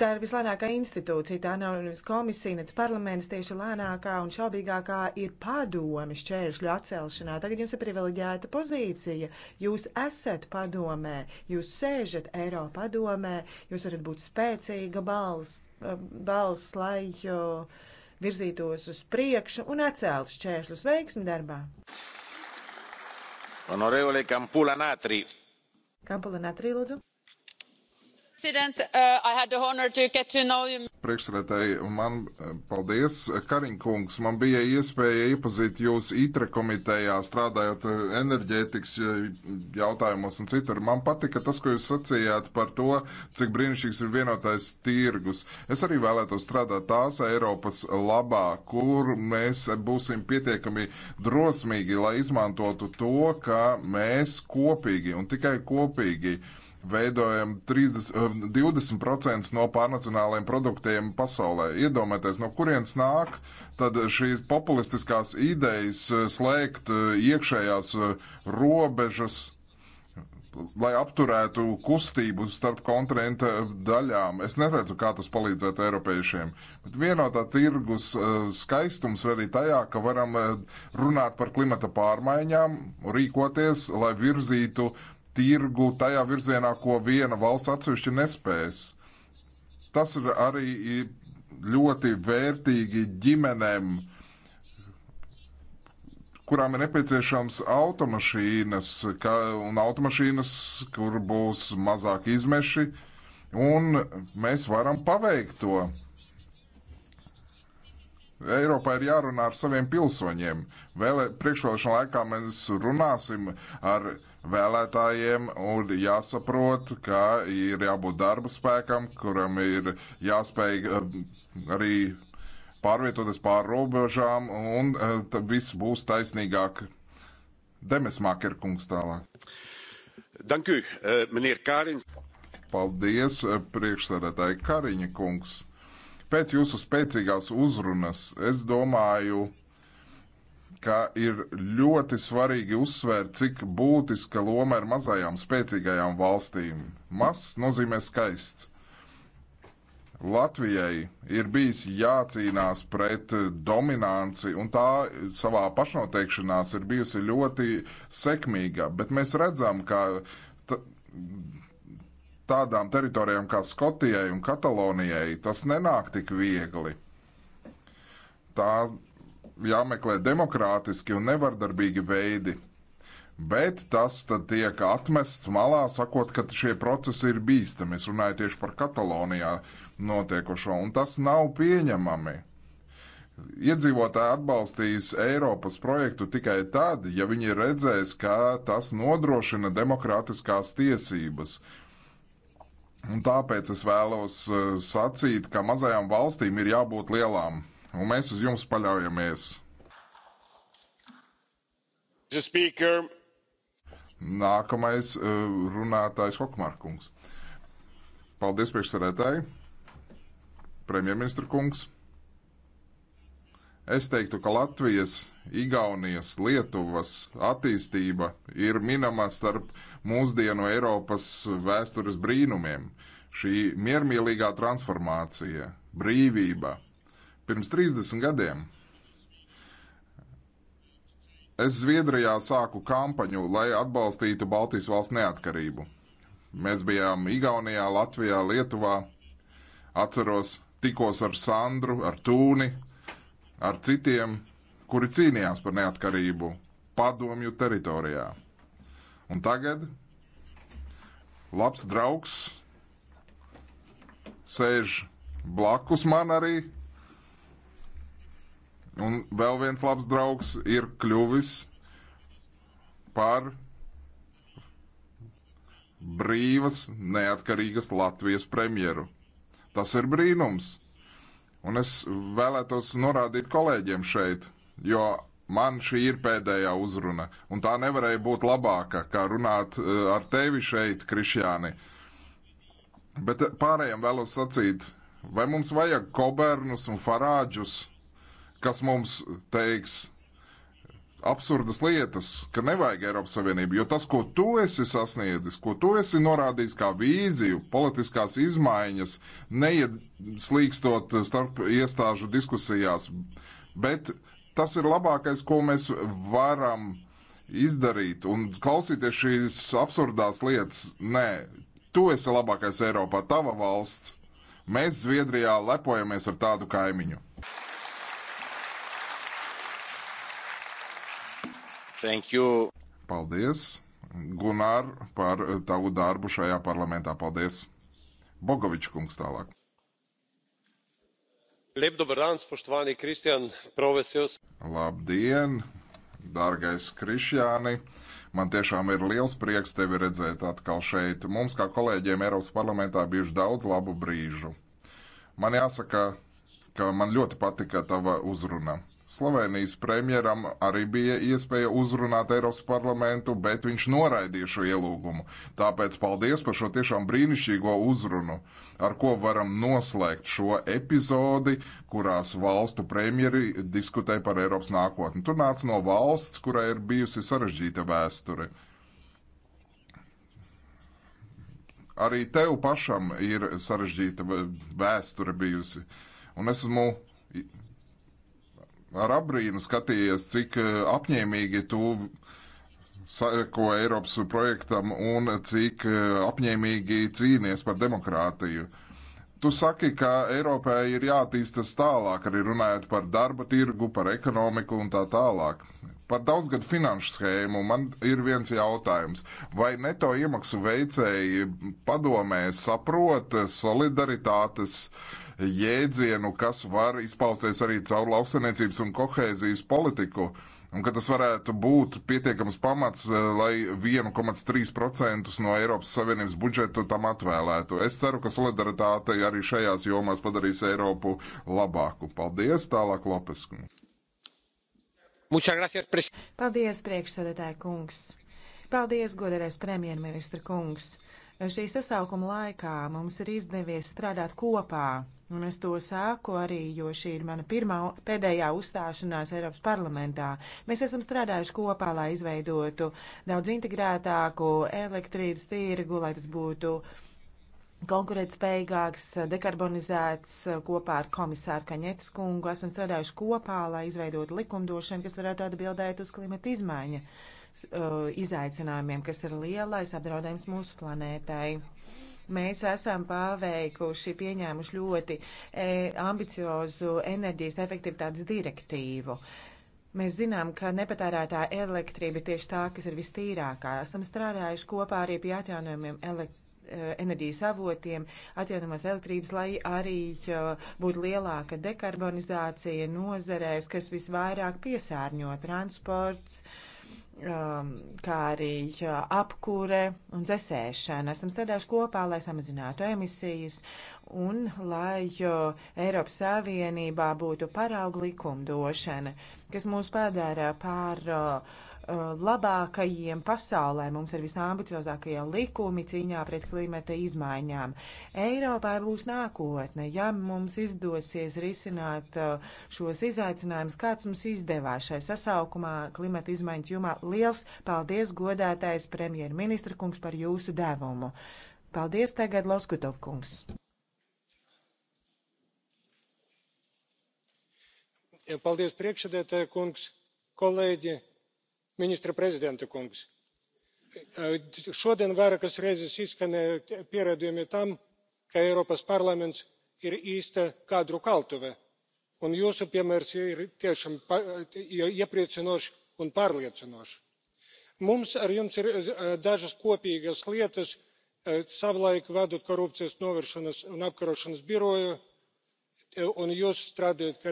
Tā ir vislēnākā institūcija, tā nav nevis komisija, nevis parlaments, tieši lēnākā un šaubīgākā ir padome šķēršļu atcelšanā. Tagad jums ir privileģēta pozīcija. Jūs esat padomē, jūs sēžat Eiropa padomē, jūs varat būt spēcīga balss, balss lai virzītos uz priekšu un atcelt šķēršļus veiksmi darbā. Honorevole Kampula Natri. Kampula Natri, lūdzu. Uh, Priekšsēdētāji, man eh, paldies. Kariņkungs, man bija iespēja iepazīt jūs ITRE komitejā, strādājot eh, enerģētikas eh, jautājumos un citur. Man patika tas, ko jūs sacījāt par to, cik brīnišķīgs ir vienotais tirgus. Es arī vēlētos strādāt tās Eiropas labā, kur mēs būsim pietiekami drosmīgi, lai izmantotu to, ka mēs kopīgi un tikai kopīgi. Uh, veidojam 30, 20% um, no pārnacionālajiem produktiem pasaulē. Iedomājieties, no kurienes nāk tad šīs populistiskās idejas uh, slēgt uh, iekšējās uh, robežas, lai apturētu kustību starp kontinenta daļām. Es neredzu, kā tas palīdzētu eiropiešiem. Bet vienotā tirgus skaistums arī tajā, ka varam runāt par klimata pārmaiņām, rīkoties, lai virzītu uh, tirgu tajā virzienā, ko viena valsts atsevišķi nespējas. Tas ir arī ļoti vērtīgi ģimenēm, kurām ir nepieciešams automašīnas, ka, un automašīnas, kur būs mazāk izmeši, un mēs varam paveikt to. Eiropā ir jārunā ar saviem pilsoņiem. Vēl priekšvēlēšana laikā mēs runāsim ar Vēlētājiem ir jāsaprot, ka ir jābūt darba spēkam, kuram ir jāspēj eh, arī pārvietoties pāri robežām, un eh, tad viss būs taisnīgāk. Demesmāker kungs tālāk. Dank u, eh, meneer Kārins. Paldies, priekšsēdētāji Kariņa kungs. Pēc jūsu spēcīgās uzrunas es domāju, ka ir ļoti svarīgi uzsvērt, cik būtiska loma ir mazajām spēcīgajām valstīm. Mazs nozīmē skaists. Latvijai ir bijis jācīnās pret dominanci, un tā savā pašnoteikšanās ir bijusi ļoti sekmīga. Bet mēs redzam, ka tādām teritorijām kā Skotijai un Katalonijai tas nenāk tik viegli. Tā jāmeklē demokrātiski un nevardarbīgi veidi. Bet tas tad tiek atmests malā, sakot, ka šie procesi ir bīstami. Es runāju tieši par Katalonijā notiekošo, un tas nav pieņemami. Iedzīvotāji atbalstīs Eiropas projektu tikai tad, ja viņi redzēs, ka tas nodrošina demokrātiskās tiesības. Un tāpēc es vēlos eh, sacīt, ka mazajām valstīm ir jābūt lielām un mēs uz jums paļaujamies. Nākamais eh, runātājs Hokmārkungs. Paldies priekšsarētāji, premjerministra kungs. Es teiktu, ka Latvijas, Igaunijas, Lietuvas attīstība ir minama starp mūsdienu Eiropas vēstures brīnumiem. Šī miermīlīgā transformācija, brīvība, Pirms 30 gadiem es Zviedrijā sāku kampaņu, lai atbalstītu Baltijas valsts neatkarību. Mēs bijām Igaunijā, Latvijā, Lietuvā. Atceros, tikos ar Sandru, ar Tūni, ar citiem, kuri cīnījās par neatkarību padomju teritorijā. Un tagad labs draugs sēž blakus man arī Un vēl viens labs draugs ir kļuvis par brīvas, neatkarīgas Latvijas premjeru. Tas ir brīnums. Un es vēlētos norādīt kolēģiem šeit, jo man šī ir pēdējā uzruna, un tā nevarēja būt labāka, kā runāt eh, ar tevi šeit, Krišjāni. Bet eh, pārējiem vēlos sacīt, vai mums vajag Kobernus un Farāģus? kas mums teiks absurdas lietas, ka nevajag Eiropas Savienību, jo tas, ko tu esi sasniedzis, ko tu esi norādījis kā vīziju, politiskās izmaiņas, neieslīkstot starp iestāžu diskusijās, bet tas ir labākais, ko mēs varam izdarīt un klausīties šīs absurdās lietas. Nē, tu esi labākais Eiropā, tava valsts. Mēs Zviedrijā lepojamies ar tādu kaimiņu. Thank you. Paldies, Gunār, par eh, tavu darbu šajā parlamentā. Paldies. Bogovičs kungs tālāk. Lep dober dan, spoštovani Kristjan, prav vesel sem. Labdien, dārgais Krišjāni. Man tiešām ir liels prieks tevi redzēt atkal šeit. Mums, kā kolēģiem Eiropas parlamentā, bijuši daudz labu brīžu. Man jāsaka, ka man ļoti patika tava uzruna. Slovenijas premjeram arī bija iespēja uzrunāt Eiropas parlamentu, bet viņš noraidīja šo ielūgumu. Tāpēc paldies par šo tiešām brīnišķīgo uzrunu, ar ko varam noslēgt šo epizodi, kurās valstu premjeri diskutē par Eiropas nākotni. Tur nāca no valsts, kurai ir bijusi sarežģīta vēsture. Arī tev pašam ir sarežģīta vēsture bijusi. Un es esmu ar abrīnu skatījies, cik eh, apņēmīgi tu sako Eiropas projektam un cik eh, apņēmīgi cīnies par demokrātiju. Tu saki, ka Eiropai ir jātīstas tālāk, arī runājot par darba tirgu, par ekonomiku un tā tālāk. Par daudzgadu finanšu schēmu man ir viens jautājums. Vai neto iemaksu veicēji padomē saprot solidaritātes uh, jēdzienu, kas var izpausties arī caur lauksaimniecības un kohēzijas politiku. Un ka tas varētu būt pietiekams pamats, eh, lai 1,3% no Eiropas Savienības budžeta tam atvēlētu. Es ceru, ka solidaritāte arī šajās jomās padarīs Eiropu labāku. Paldies, tālāk Lopeskungs. Paldies, priekšsēdētāja kungs. Paldies, godarēs premjerministra kungs. Šī sasaukuma laikā mums ir izdevies strādāt kopā, un es to sāku arī, jo šī ir mana pirmā pēdējā uzstāšanās Eiropas parlamentā. Mēs esam strādājuši kopā, lai izveidotu daudz integrētāku elektrības tirgu, lai tas būtu konkurētspējīgāks, dekarbonizēts kopā ar komisāru Kaņetes kungu. Esam strādājuši kopā, lai izveidotu likumdošanu, kas varētu atbildēt uz klimata izmaiņu Uh, izaicinājumiem, kas ir lielais apdraudējums mūsu planētai. Mēs esam paveikuši, pieņēmuši ļoti e, ambiciozu enerģijas efektivitātes direktīvu. Mēs zinām, ka nepatērētā elektrība ir tieši tā, kas ir vistīrākā. Esam strādājuši kopā arī pie atjaunojumiem elektrības e, enerģijas avotiem, atjaunamās elektrības, lai arī e, būtu lielāka dekarbonizācija nozarēs, kas visvairāk piesārņo transports, uh, Um, kā arī uh, apkūre un dzesēšana. Esam strādājuši kopā, lai samazinātu emisijas un lai uh, Eiropas Savienībā būtu parauga likumdošana, kas mūs padara par uh, Uh, labākajiem pasaulē. Mums ir visambiciozākie likumi cīņā pret klimata izmaiņām. Eiropā būs nākotne. Ja mums izdosies risināt uh, šos izaicinājumus, kāds mums izdevās šai sasaukumā klimata izmaiņas jomā, liels paldies, godētais premjerministra kungs, par jūsu devumu. Paldies tagad Loskutov kungs. Paldies priekšsēdētāja kungs, kolēģi ministra prezidenta kungs šodien vairākas reizes izskanēja pierādījumi tam ka europos parlaments ir īsta kadru kaltuve un jūsu piemērs ir tiešām iepriecinošs un pārliecinošs. mums ar jums ir dažas kopīgas lietas savulaik vadot korupcijas novēršanas un apkarošanas biroju un jūs strādājot kā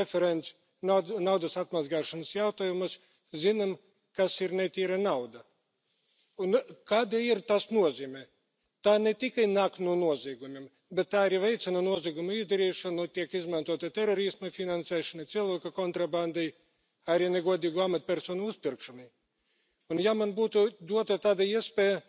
referents naudas atmazgāšanas jautājumos zinām kas ir netīra nauda un kāda ir tās nozīme. tā ne tikai nāk no noziegumiem bet tā arī veicina noziegumu izdarīšanu tiek izmantota terorisma finansēšanai cilvēku kontrabandai arī negodīgu amatpersonu uzpirkšanai. un ja man būtu dota tāda iespēja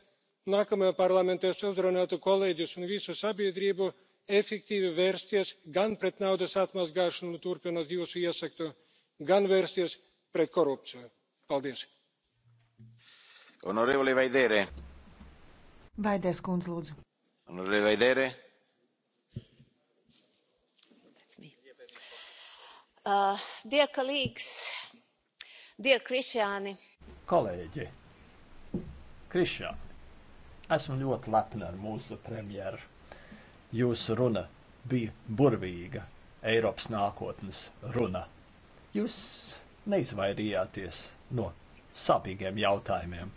nākamajā parlamentā es uzrunātu kolēģus un visu sabiedrību efektīvi vērsties gan pret naudas atmazgāšanu turpinot jūsu iesaku gan vērsties pret korupciju. Paldies! Honorevole Vaidere. Vaiders kundze, lūdzu. Honorevole Vaidere. Uh, dear colleagues, dear Krišjāni. Kolēģi, Krišjāni, esmu ļoti lepna ar mūsu premjeru. Jūsu runa bija burvīga Eiropas nākotnes runa. Jūs neizvairījāties no sāpīgiem jautājumiem.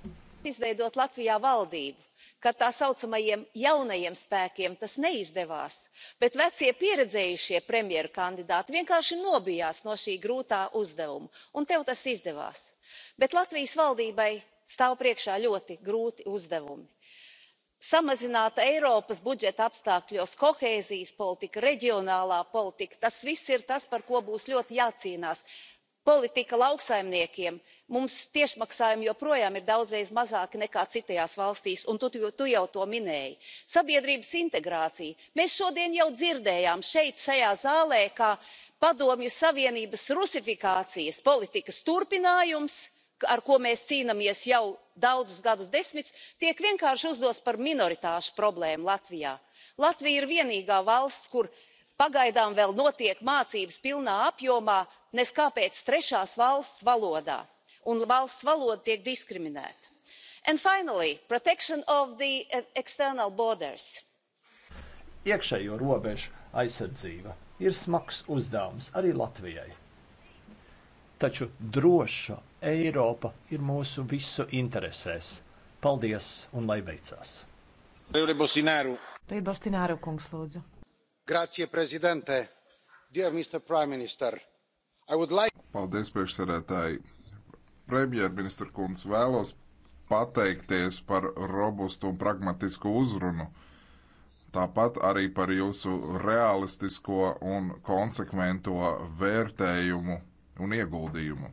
Izveidot Latvijā valdību, kad tā saucamajiem jaunajiem spēkiem tas neizdevās bet vecie pieredzējušie premjeru kandidāti vienkārši nobijās no šī grūtā uzdevuma un tev tas izdevās. bet latvijas valdībai stāv priekšā ļoti grūti uzdevumi samazināta eiropas budžeta apstākļos kohēzijas politika reģionālā politika tas viss ir tas par ko būs ļoti jācīnās politika lauksaimniekiem mums tiešmaksājumi joprojām ir daudzreiz mazāki nekā citās valstīs un tu jau to minēji. sabiedrības integrācija mēs šodien jau dzirdējām šeit šajā zālē kā padomju savienības rusifikācijas politikas turpinājums ar ko mēs cīnāmies jau daudzus gadus tiek vienkārši uzdots par minoritāšu problēmu latvijā. latvija ir vienīgā valsts kur pagaidām vēl notiek mācības pilnā apjomā nes kāpēc trešās valsts valodā un valsts valoda tiek diskriminēta. and finally protection of the eh, external borders. iekšējo robežu aizsardzība ir smags uzdevums arī Latvijai. Taču droša Eiropa ir mūsu visu interesēs. Paldies un lai veicas! Bostināru kungs lūdzu mr president mr prime minister i would like. paldies priekšsēdētāji. premjerministra kungs vēlos pateikties par robustu un pragmatisku uzrunu. Tāpat arī par jūsu realistisko un konsekvento vērtējumu un ieguldījumu.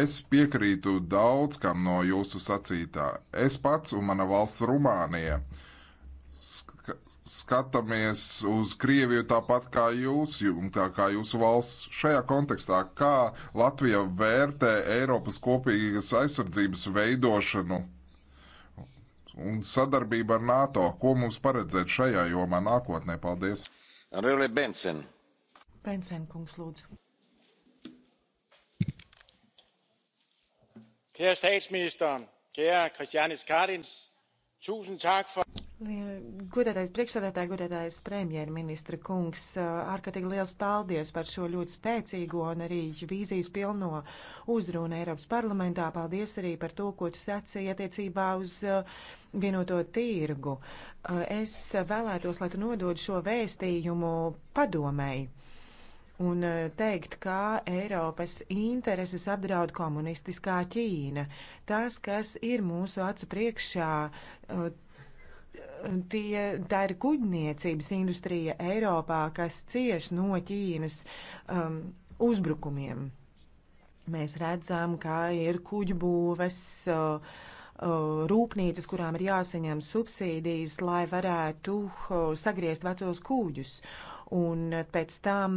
Es piekrītu daudz kam no jūsu sacītā. Es pats un mana valsts Rumānija skatāmies uz Krieviju tāpat kā jūs, kā, kā jūsu valsts šajā kontekstā, kā Latvija vērtē Eiropas kopīgas aizsardzības veidošanu un sadarbību ar NATO. Ko mums paredzēt šajā jomā nākotnē? Paldies! Rēlē Bensen. Bensen kungs, lūdzu. Kære statsminister, kære Christianis Kardins, tusind tak for... Godētais priekšsēdētāji, godētais premjerministra kungs, ārkārtīgi liels paldies par šo ļoti spēcīgo un arī vīzijas pilno uzrunu Eiropas parlamentā. Paldies arī par to, ko tu sacīji attiecībā uz vienoto tirgu. Es vēlētos, lai tu nodod šo vēstījumu padomēji un teikt, ka Eiropas intereses apdraud komunistiskā Ķīna. Tas, kas ir mūsu acu priekšā, tie, tā ir kuģniecības industrija Eiropā, kas cieš no Ķīnas um, uzbrukumiem. Mēs redzam, ka ir kuģu būves. Uh, uh rūpnīcas, kurām ir jāsaņem subsīdijas, lai varētu uh, sagriezt vecos kūģus un pēc tam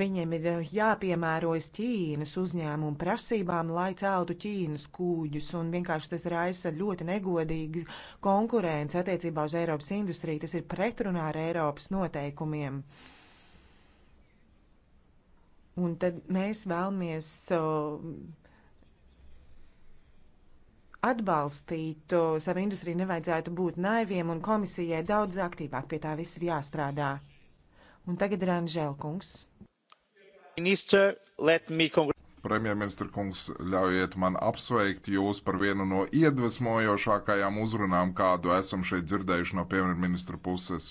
viņiem ir jāpiemērojas Ķīnas uzņēmumu prasībām, lai celtu Ķīnas kūģus, un vienkārši tas raisa ļoti negodīgi konkurence attiecībā uz Eiropas industriju, tas ir pretrunā ar Eiropas noteikumiem. Un tad mēs vēlamies atbalstīt savu industriju, nevajadzētu būt naiviem, un komisijai daudz aktīvāk pie tā viss ir jāstrādā. Un tagad ir Anžēla kungs. Minister, let me congratulate premjerministra kungs, ļaujiet man apsveikt jūs par vienu no iedvesmojošākajām uzrunām, kādu esam šeit dzirdējuši no premjerministra puses.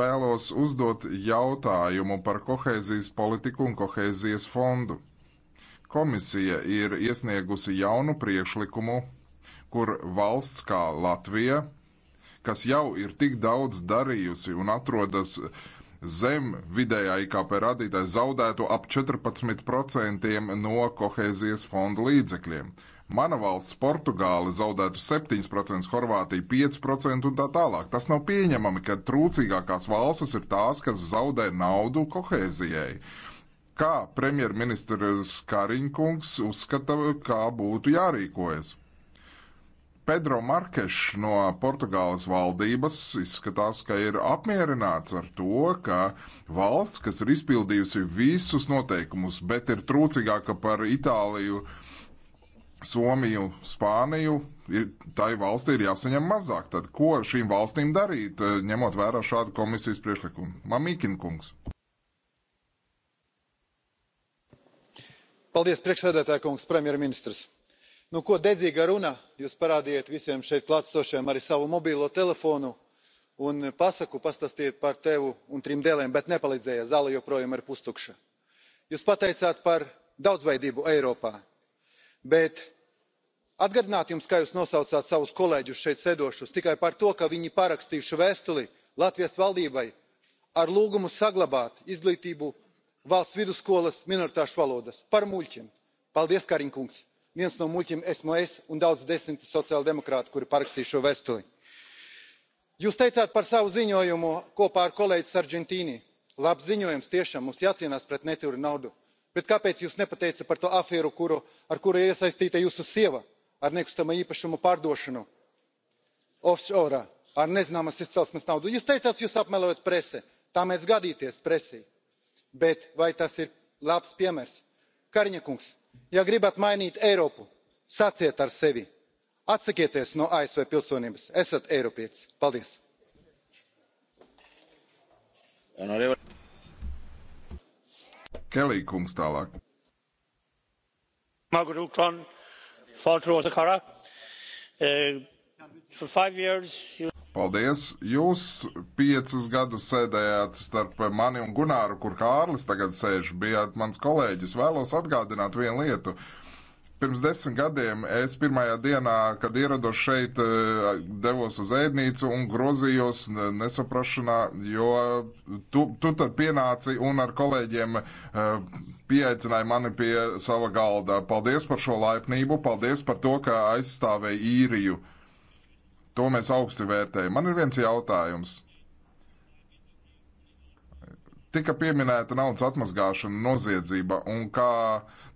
Vēlos uzdot jautājumu par kohēzijas politiku un kohēzijas fondu. Komisija ir iesniegusi jaunu priekšlikumu, kur valsts kā Latvija kas jau ir tik daudz darījusi un atrodas zem vidējā IKP radītāja, zaudētu ap 14% no kohēzijas fonda līdzekļiem. Mana valsts, Portugāla, zaudētu 7%, Horvātija 5% un tā tālāk. Tas nav pieņemami, ka trūcīgākās valstis ir tās, kas zaudē naudu kohēzijai. Kā premjerministrs Kariņkungs uzskata, kā būtu jārīkojas? Pedro Markešs no Portugāles valdības izskatās, ka ir apmierināts ar to, ka valsts, kas ir izpildījusi visus noteikumus, bet ir trūcīgāka par Itāliju, Somiju, Spāniju, ir, tai valstī ir jāsaņem mazāk. Tad ko šīm valstīm darīt, eh, ņemot vērā šādu komisijas priekšlikumu? Mamīkin kungs. Paldies, priekšsēdētāja kungs, premjerministrs nu ko dedzīga runa jūs parādiet visiem šeit klātesošiem arī savu mobilo telefonu un pasaku pastāstiet par tevi un trim dēliem bet nepalīdzēja zāle joprojām ir pustukša. jūs pateicāt par daudzveidību eiropā bet atgādināt jums kā jūs nosaucāt savus kolēģus šeit sēdošos tikai par to ka viņi parakstījuši vēstuli latvijas valdībai ar lūgumu saglabāt izglītību valsts vidusskolas minoritāšu valodās par muļķiem. paldies kariņ kungs! viens no muļķiem esmu es un daudzi desmiti sociāldemokrāti kuri parakstīju šo vēstuli. jūs teicāt par savu ziņojumu kopā ar kolēģi sargentini labs ziņojums tiešām mums jācīnās pret netīru naudu bet kāpēc jūs nepateicat par to aferu ar kuru ir iesaistīta jūsu sieva ar nekustamo īpašumu pārdošanu offshore ar nezināmas izcelsmes naudu? jūs teicāt jūs apmelojat presi. tā mēdz gadīties presei bet vai tas ir labs piemērs? kariņa kungs ja gribat mainīt eiropu sāciet ar sevi atsakieties no asv pilsonības esat eiropietis! paldies! kelly kungs tālāk. Eh, for five years you. Paldies! Jūs piecus gadus sēdējāt starp mani un Gunāru, kur Kārlis tagad sēž, bijāt mans kolēģis. Vēlos atgādināt vienu lietu. Pirms desmit gadiem es pirmajā dienā, kad ierados šeit, eh, devos uz ēdnīcu un grozījos nesaprašanā, jo tu, tu tad pienāci un ar kolēģiem eh, pieaicināji mani pie sava galda. Paldies par šo laipnību, paldies par to, ka aizstāvēji īriju. To mēs augsti vērtējam. Man ir viens jautājums. Tika pieminēta naudas atmazgāšana, noziedzība un kā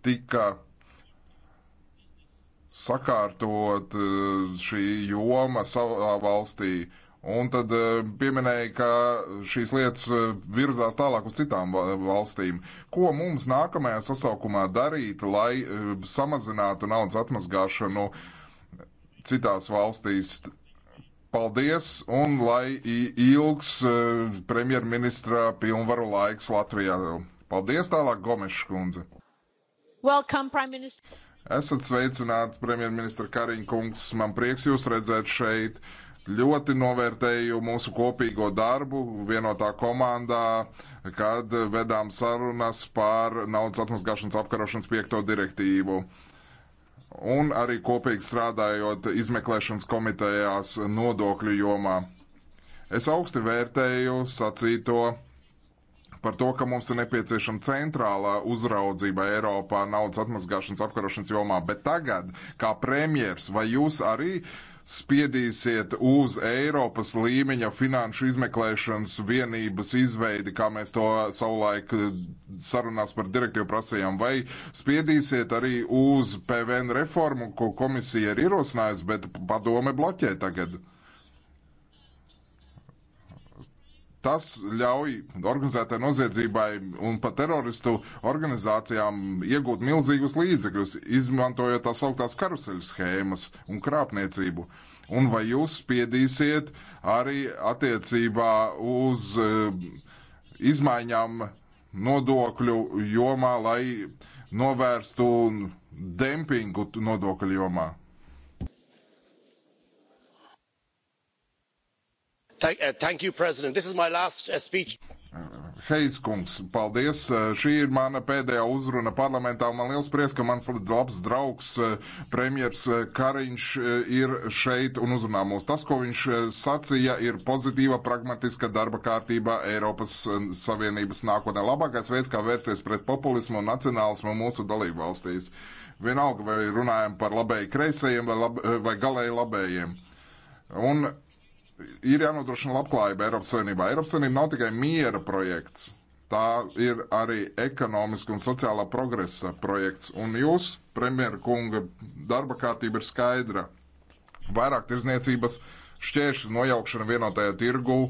tika sakārtot eh, šī joma savā valstī. Un tad eh, pieminēja, ka šīs lietas eh, virzās tālāk uz citām valstīm. Ko mums nākamajā sasaukumā darīt, lai samazinātu naudas atmazgāšanu citās valstīs? Paldies un lai ilgs e, premjerministra pilnvaru laiks Latvijā. Paldies tālāk, Gomeša kundze. Welcome, Prime Minister. Esat sveicināti, premjerministra Kariņkungs. Man prieks jūs redzēt šeit. Ļoti novērtēju mūsu kopīgo darbu vienotā komandā, kad vedām sarunas par naudas atmaskāšanas apkarošanas piekto direktīvu un arī kopīgi strādājot izmeklēšanas komitejās nodokļu jomā. Es augsti vērtēju sacīto par to, ka mums ir nepieciešama centrālā uzraudzība Eiropā naudas atmazgāšanas apkarošanas jomā, bet tagad, kā premjers, vai jūs arī uh, spiedīsiet uz Eiropas līmeņa finanšu izmeklēšanas vienības izveidi, kā mēs to savulaik eh, sarunās par direktīvu prasījām, vai spiedīsiet arī uz PVN reformu, ko komisija ir ierosinājusi, bet padome bloķē tagad? Tas ļauj organizētai noziedzībai un pat teroristu organizācijām iegūt milzīgus līdzekļus, izmantojot tās augtās karuseļu schēmas un krāpniecību. Un vai jūs spiedīsiet arī attiecībā uz eh, izmaiņām nodokļu jomā, lai novērstu dempingu nodokļu jomā? mr uh, president this is my last uh, speech. Hejs kungs, paldies. Uh, šī ir mana pēdējā uzruna parlamentā. Man liels prieks, ka mans labs draugs premjers Kariņš ir šeit un uzrunā mūs. Tas, ko viņš sacīja, ir pozitīva, pragmatiska darba kārtība Eiropas um, Savienības nākotnē. Labākais veids, kā vērsties pret populismu un nacionālismu mūsu dalību valstīs. Vienalga, vai runājam par labēji kreisajiem vai, lab, vai galēji labējiem. Un ir jānodrošina labklājība Eiropas Savienībā. Eiropas Savienība nav tikai miera projekts, tā ir arī ekonomiska un sociālā progresa projekts. Un jūs, premjera kunga, darba kārtība ir skaidra. Vairāk tirzniecības šķēršļu nojaukšana vienotajā tirgu,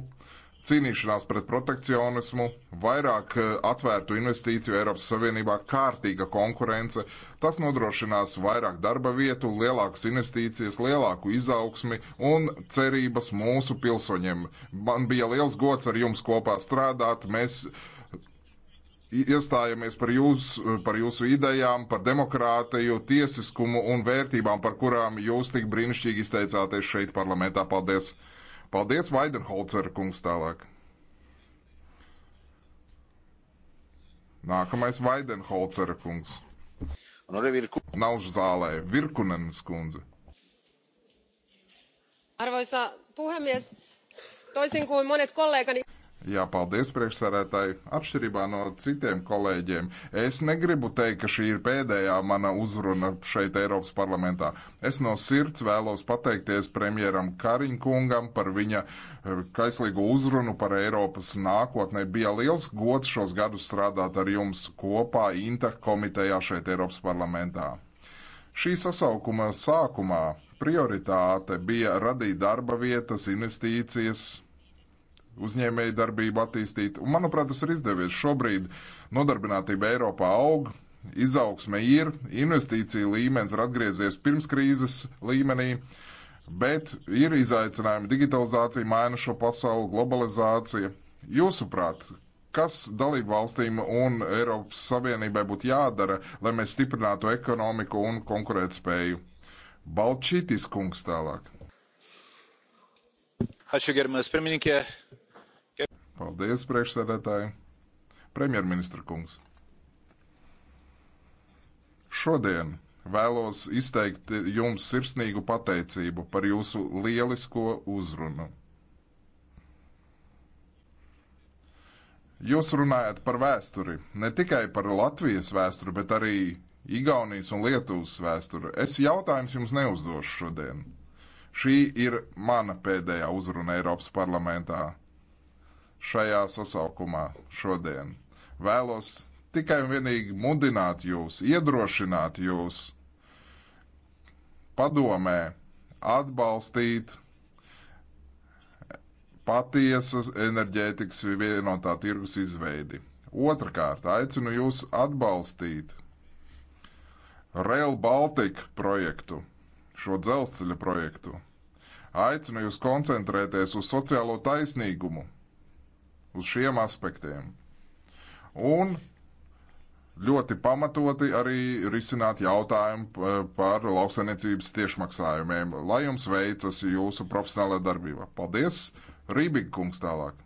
cīnīšanās pret protekcionismu, vairāk eh, atvērtu investīciju Eiropas Savienībā, kārtīga konkurence. Tas nodrošinās vairāk darba vietu, lielākas investīcijas, lielāku izaugsmi un cerības mūsu pilsoņiem. Man bija liels gods ar jums kopā strādāt. Mēs iestājamies par, jūs, par jūsu idejām, par demokrātiju, tiesiskumu un vērtībām, par kurām jūs tik brīnišķīgi izteicāties šeit parlamentā. Paldies! Paldies, Vaidenholcer kungs tālāk. Nākamais Vaidenholcer kungs. Nu, Nav zālē. Virkunenes kundze. Arvoisa puhemies, toisin kuin monet kollegani. Jā, paldies priekšsarētāji. Atšķirībā no citiem kolēģiem, es negribu teikt, ka šī ir pēdējā mana uzruna šeit Eiropas parlamentā. Es no sirds vēlos pateikties premjeram Kariņkungam par viņa eh, kaislīgu uzrunu par Eiropas nākotnē. Bija liels gods šos gadus strādāt ar jums kopā INTA komitejā šeit Eiropas parlamentā. Šī sasaukuma sākumā prioritāte bija radīt darba vietas, investīcijas, uzņēmēju darbību attīstīt. Un, manuprāt, tas ir izdevies. Šobrīd nodarbinātība Eiropā aug, izaugsme ir, investīcija līmenis ir atgriezies pirms krīzes līmenī, bet ir izaicinājumi digitalizācija, maina šo pasauli, globalizācija. Jūsuprāt, kas dalību valstīm un Eiropas Savienībai būtu jādara, lai mēs stiprinātu ekonomiku un konkurētspēju? Balčītis kungs tālāk. Ačiū, gerbiamas pirmininkė. Paldies, priekšsēdētāji. Premjerministra kungs. Šodien vēlos izteikt jums sirsnīgu pateicību par jūsu lielisko uzrunu. Jūs runājat par vēsturi, ne tikai par Latvijas vēsturi, bet arī Igaunijas un Lietuvas vēsturi. Es jautājums jums neuzdošu šodien. Šī ir mana pēdējā uzruna Eiropas parlamentā šajā sasaukumā šodien. Vēlos tikai un vienīgi mudināt jūs, iedrošināt jūs padomē atbalstīt patiesas enerģētikas vienotā tirgus izveidi. Otrakārt, aicinu jūs atbalstīt Rail Baltica projektu, šo dzelzceļa projektu. Aicinu jūs koncentrēties uz sociālo taisnīgumu, uz šiem aspektiem. Un ļoti pamatoti arī risināt jautājumu par lauksainiecības tiešmaksājumiem. Lai jums veicas jūsu profesionālajā darbībā. Paldies! Rībīgi kungs tālāk.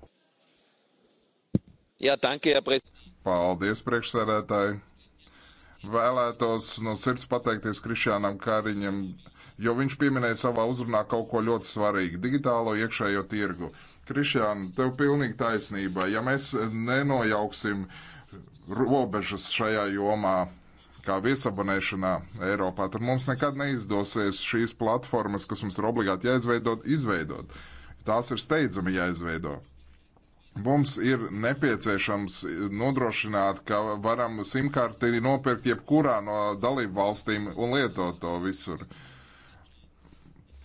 Jā, tanki, jā, prez... Paldies, priekšsēdētāji! Vēlētos no sirds pateikties Krišānam Kariņam, jo viņš pieminēja savā uzrunā kaut ko ļoti svarīgu - digitālo iekšējo tirgu. Krišjāna, tev pilnīgi taisnība. Ja mēs nenojauksim robežas šajā jomā, kā viesabonēšanā Eiropā, tad mums nekad neizdosies šīs platformas, kas mums ir obligāti jāizveido, izveidot. Tās ir steidzami jāizveido. Mums ir nepieciešams nodrošināt, ka varam simkarti nopirkt jebkurā no dalību valstīm un lietot to visur. Uh,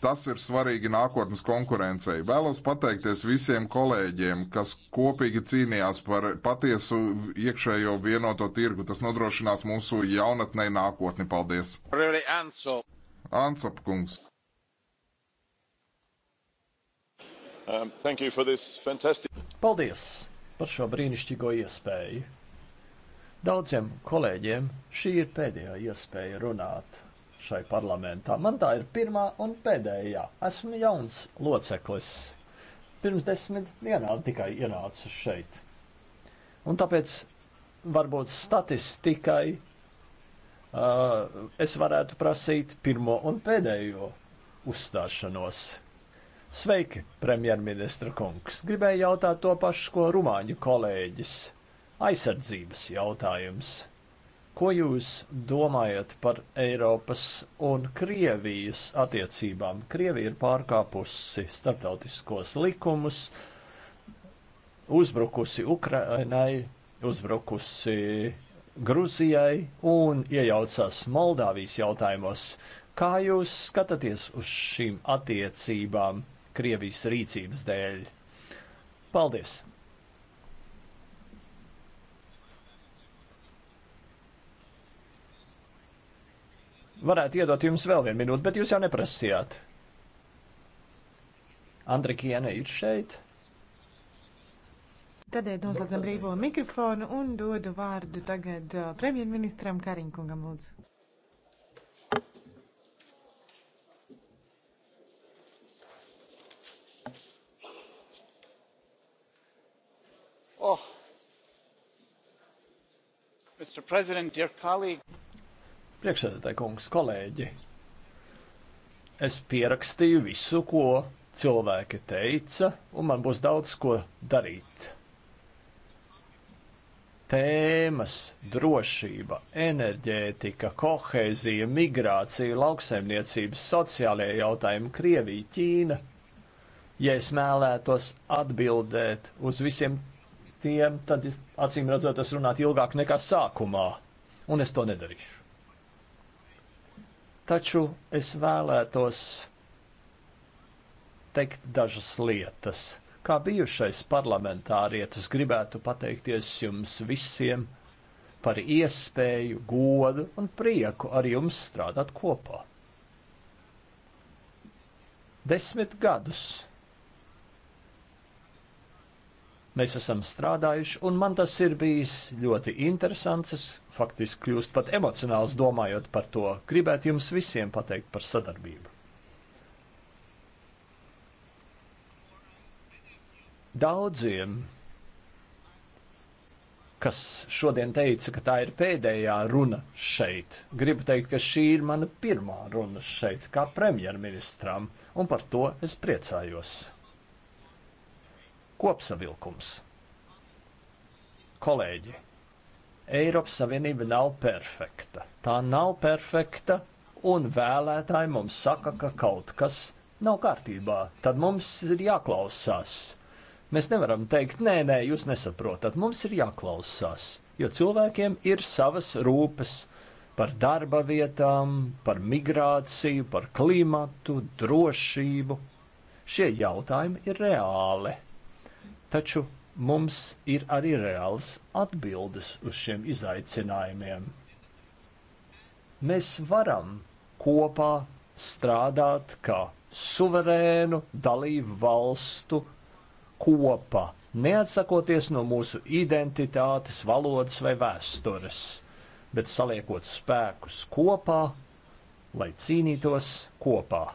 Tas ir svarīgi nākotnes konkurencei. Vēlos pateikties visiem kolēģiem, kas kopīgi cīnījās par patiesu iekšējo vienoto tirgu. Tas nodrošinās mūsu jaunatnei nākotni. Paldies! Ansapkungs! Um, fantastic... Paldies par šo brīnišķīgo iespēju. Daudziem kolēģiem šī ir pēdējā iespēja runāt šai parlamentā. Man tā ir pirmā un pēdējā. Esmu jauns loceklis. Pirms desmit dienām tikai ienācu šeit. Un tāpēc varbūt statistikai uh, es varētu prasīt pirmo un pēdējo uzstāšanos. Sveiki, premjerministra kungs! Gribēju jautāt to pašu, ko rumāņu kolēģis - aizsardzības jautājums. Ko jūs domājat par Eiropas un Krievijas attiecībām? Krievija ir pārkāpusi starptautiskos likumus, uzbrukusi Ukrainai, uzbrukusi Gruzijai un iejaucās Moldāvijas jautājumos. Kā jūs skatāties uz šīm attiecībām Krievijas rīcības dēļ? Paldies! varētu iedot jums vēl vienu minūti, bet jūs jau neprasījāt. Andrikiene ir šeit. Tādēļ noslēdzam brīvo mikrofonu un dodu vārdu tagad uh, premjerministram Kariņkungam lūdzu. Oh. Mr. President, dear colleague. Priekšsēdētāji kungs, kolēģi, es pierakstīju visu, ko cilvēki teica, un man būs daudz ko darīt. Tēmas - drošība, enerģētika, kohēzija, migrācija, lauksaimniecības, sociālie jautājumi, Krievija, Ķīna. Ja es mēlētos atbildēt uz visiem tiem, tad acīm redzot, es runātu ilgāk nekā sākumā, un es to nedarīšu taču es vēlētos teikt dažas lietas. Kā bijušais parlamentārietis gribētu pateikties jums visiem par iespēju, godu un prieku ar jums strādāt kopā. Desmit gadus mēs esam strādājuši, un man tas ir bijis ļoti interesants faktiski kļūst pat emocionāls domājot par to. Gribētu jums visiem pateikt par sadarbību. Daudziem, kas šodien teica, ka tā ir pēdējā runa šeit, gribu teikt, ka šī ir mana pirmā runa šeit, kā premjerministram, un par to es priecājos. Kopsavilkums. Kolēģi! Eiropas Savienība nav perfekta. Tā nav perfekta, un vēlētāji mums saka, ka kaut kas nav kārtībā. Tad mums ir jāklausās. Mēs nevaram teikt, nē, nē, jūs nesaprotat. Mums ir jāklausās, jo cilvēkiem ir savas rūpes par darba vietām, par migrāciju, par klimatu, drošību. Šie jautājumi ir reāli. Taču mums ir arī reāls atbildes uz šiem izaicinājumiem. Mēs varam kopā strādāt kā suverēnu dalību valstu kopa, neatsakoties no mūsu identitātes, valodas vai vēstures, bet saliekot spēkus kopā, lai cīnītos kopā.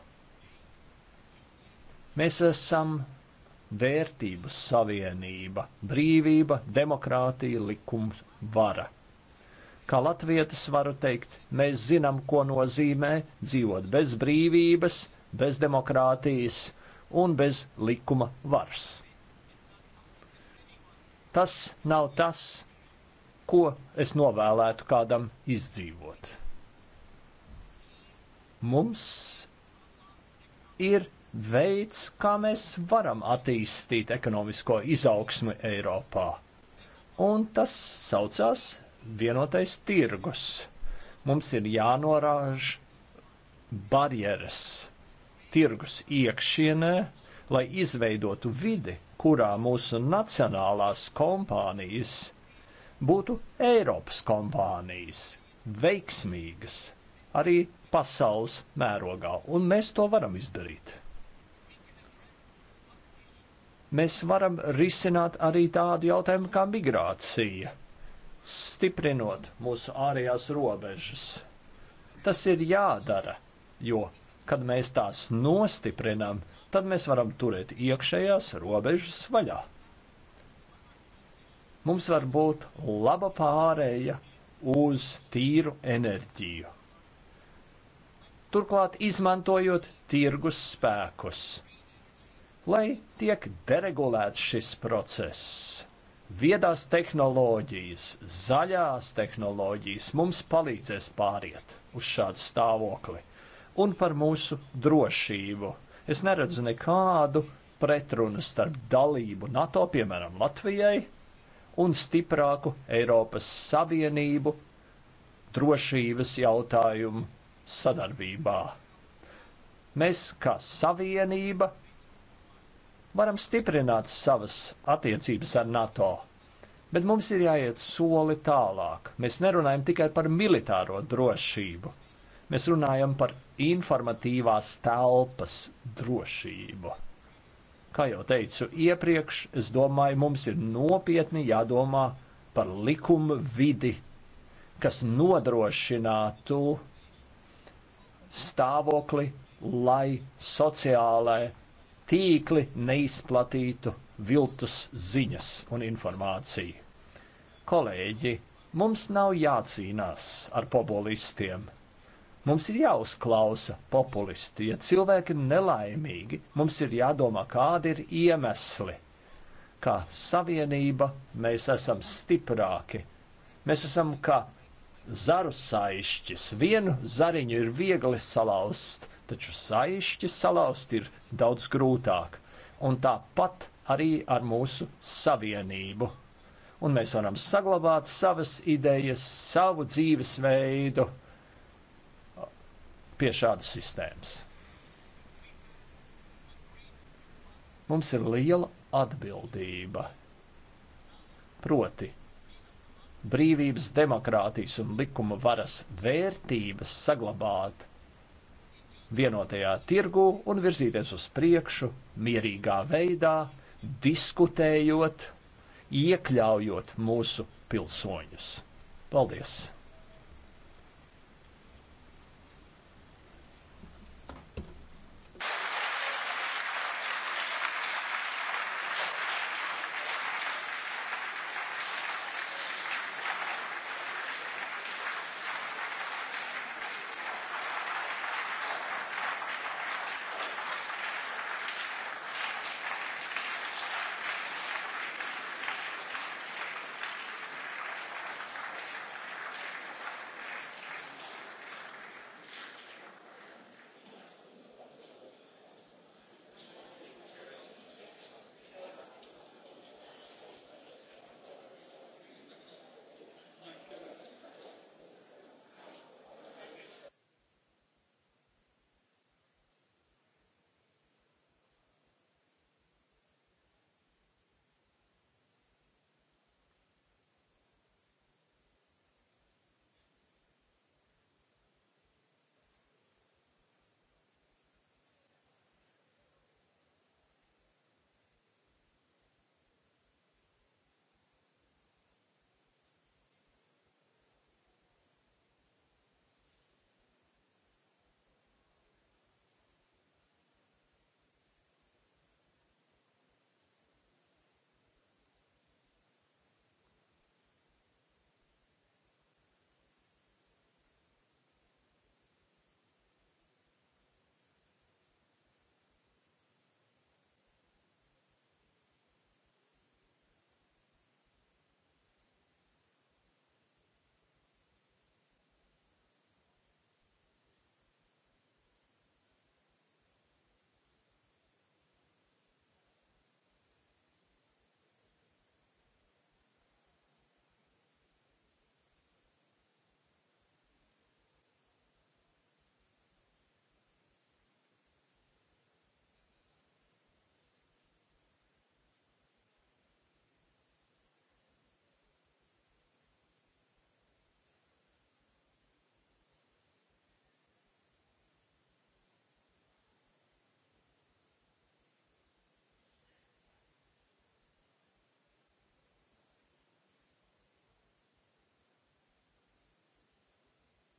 Mēs esam vērtību savienība - brīvība, demokrātija, likums, vara. Kā latvietis varu teikt, mēs zinām, ko nozīmē dzīvot bez brīvības, bez demokrātijas un bez likuma varas. Tas nav tas, ko es novēlētu kādam izdzīvot. Mums ir veids, kā mēs varam attīstīt ekonomisko izaugsmu Eiropā. Un tas saucās vienotais tirgus. Mums ir jānorāž barjeras tirgus iekšienē, lai izveidotu vidi, kurā mūsu nacionālās kompānijas būtu Eiropas kompānijas, veiksmīgas arī pasaules mērogā, un mēs to varam izdarīt mēs varam risināt arī tādu jautājumu kā migrācija, stiprinot mūsu ārējās robežas. Tas ir jādara, jo, kad mēs tās nostiprinām, tad mēs varam turēt iekšējās robežas vaļā. Mums var būt laba pārēja uz tīru enerģiju. Turklāt izmantojot tirgus spēkus lai tiek deregulēts šis process. Viedās tehnoloģijas, zaļās tehnoloģijas mums palīdzēs pāriet uz šādu stāvokli un par mūsu drošību. Es neredzu nekādu pretrunu starp dalību NATO, piemēram, Latvijai, un stiprāku Eiropas Savienību drošības jautājumu sadarbībā. Mēs kā savienība varam stiprināt savas attiecības ar NATO. Bet mums ir jāiet soli tālāk. Mēs nerunājam tikai par militāro drošību. Mēs runājam par informatīvās telpas drošību. Kā jau teicu iepriekš, es domāju, mums ir nopietni jādomā par likuma vidi, kas nodrošinātu stāvokli, lai sociālai tīkli neizplatītu viltus ziņas un informāciju. Kolēģi, mums nav jācīnās ar populistiem. Mums ir jāuzklausa populisti. Ja cilvēki ir nelaimīgi, mums ir jādomā, kādi ir iemesli. Kā savienība mēs esam stiprāki. Mēs esam kā zaru saišķis. Vienu zariņu ir viegli salauzt, taču saišķi salauzt ir daudz grūtāk. Un tāpat arī ar mūsu savienību. Un mēs varam saglabāt savas idejas, savu dzīvesveidu pie šādas sistēmas. Mums ir liela atbildība. Proti, brīvības, demokrātijas un likuma varas vērtības saglabāt vienotajā tirgu un virzīties uz priekšu mierīgā veidā, diskutējot, iekļaujot mūsu pilsoņus. Paldies!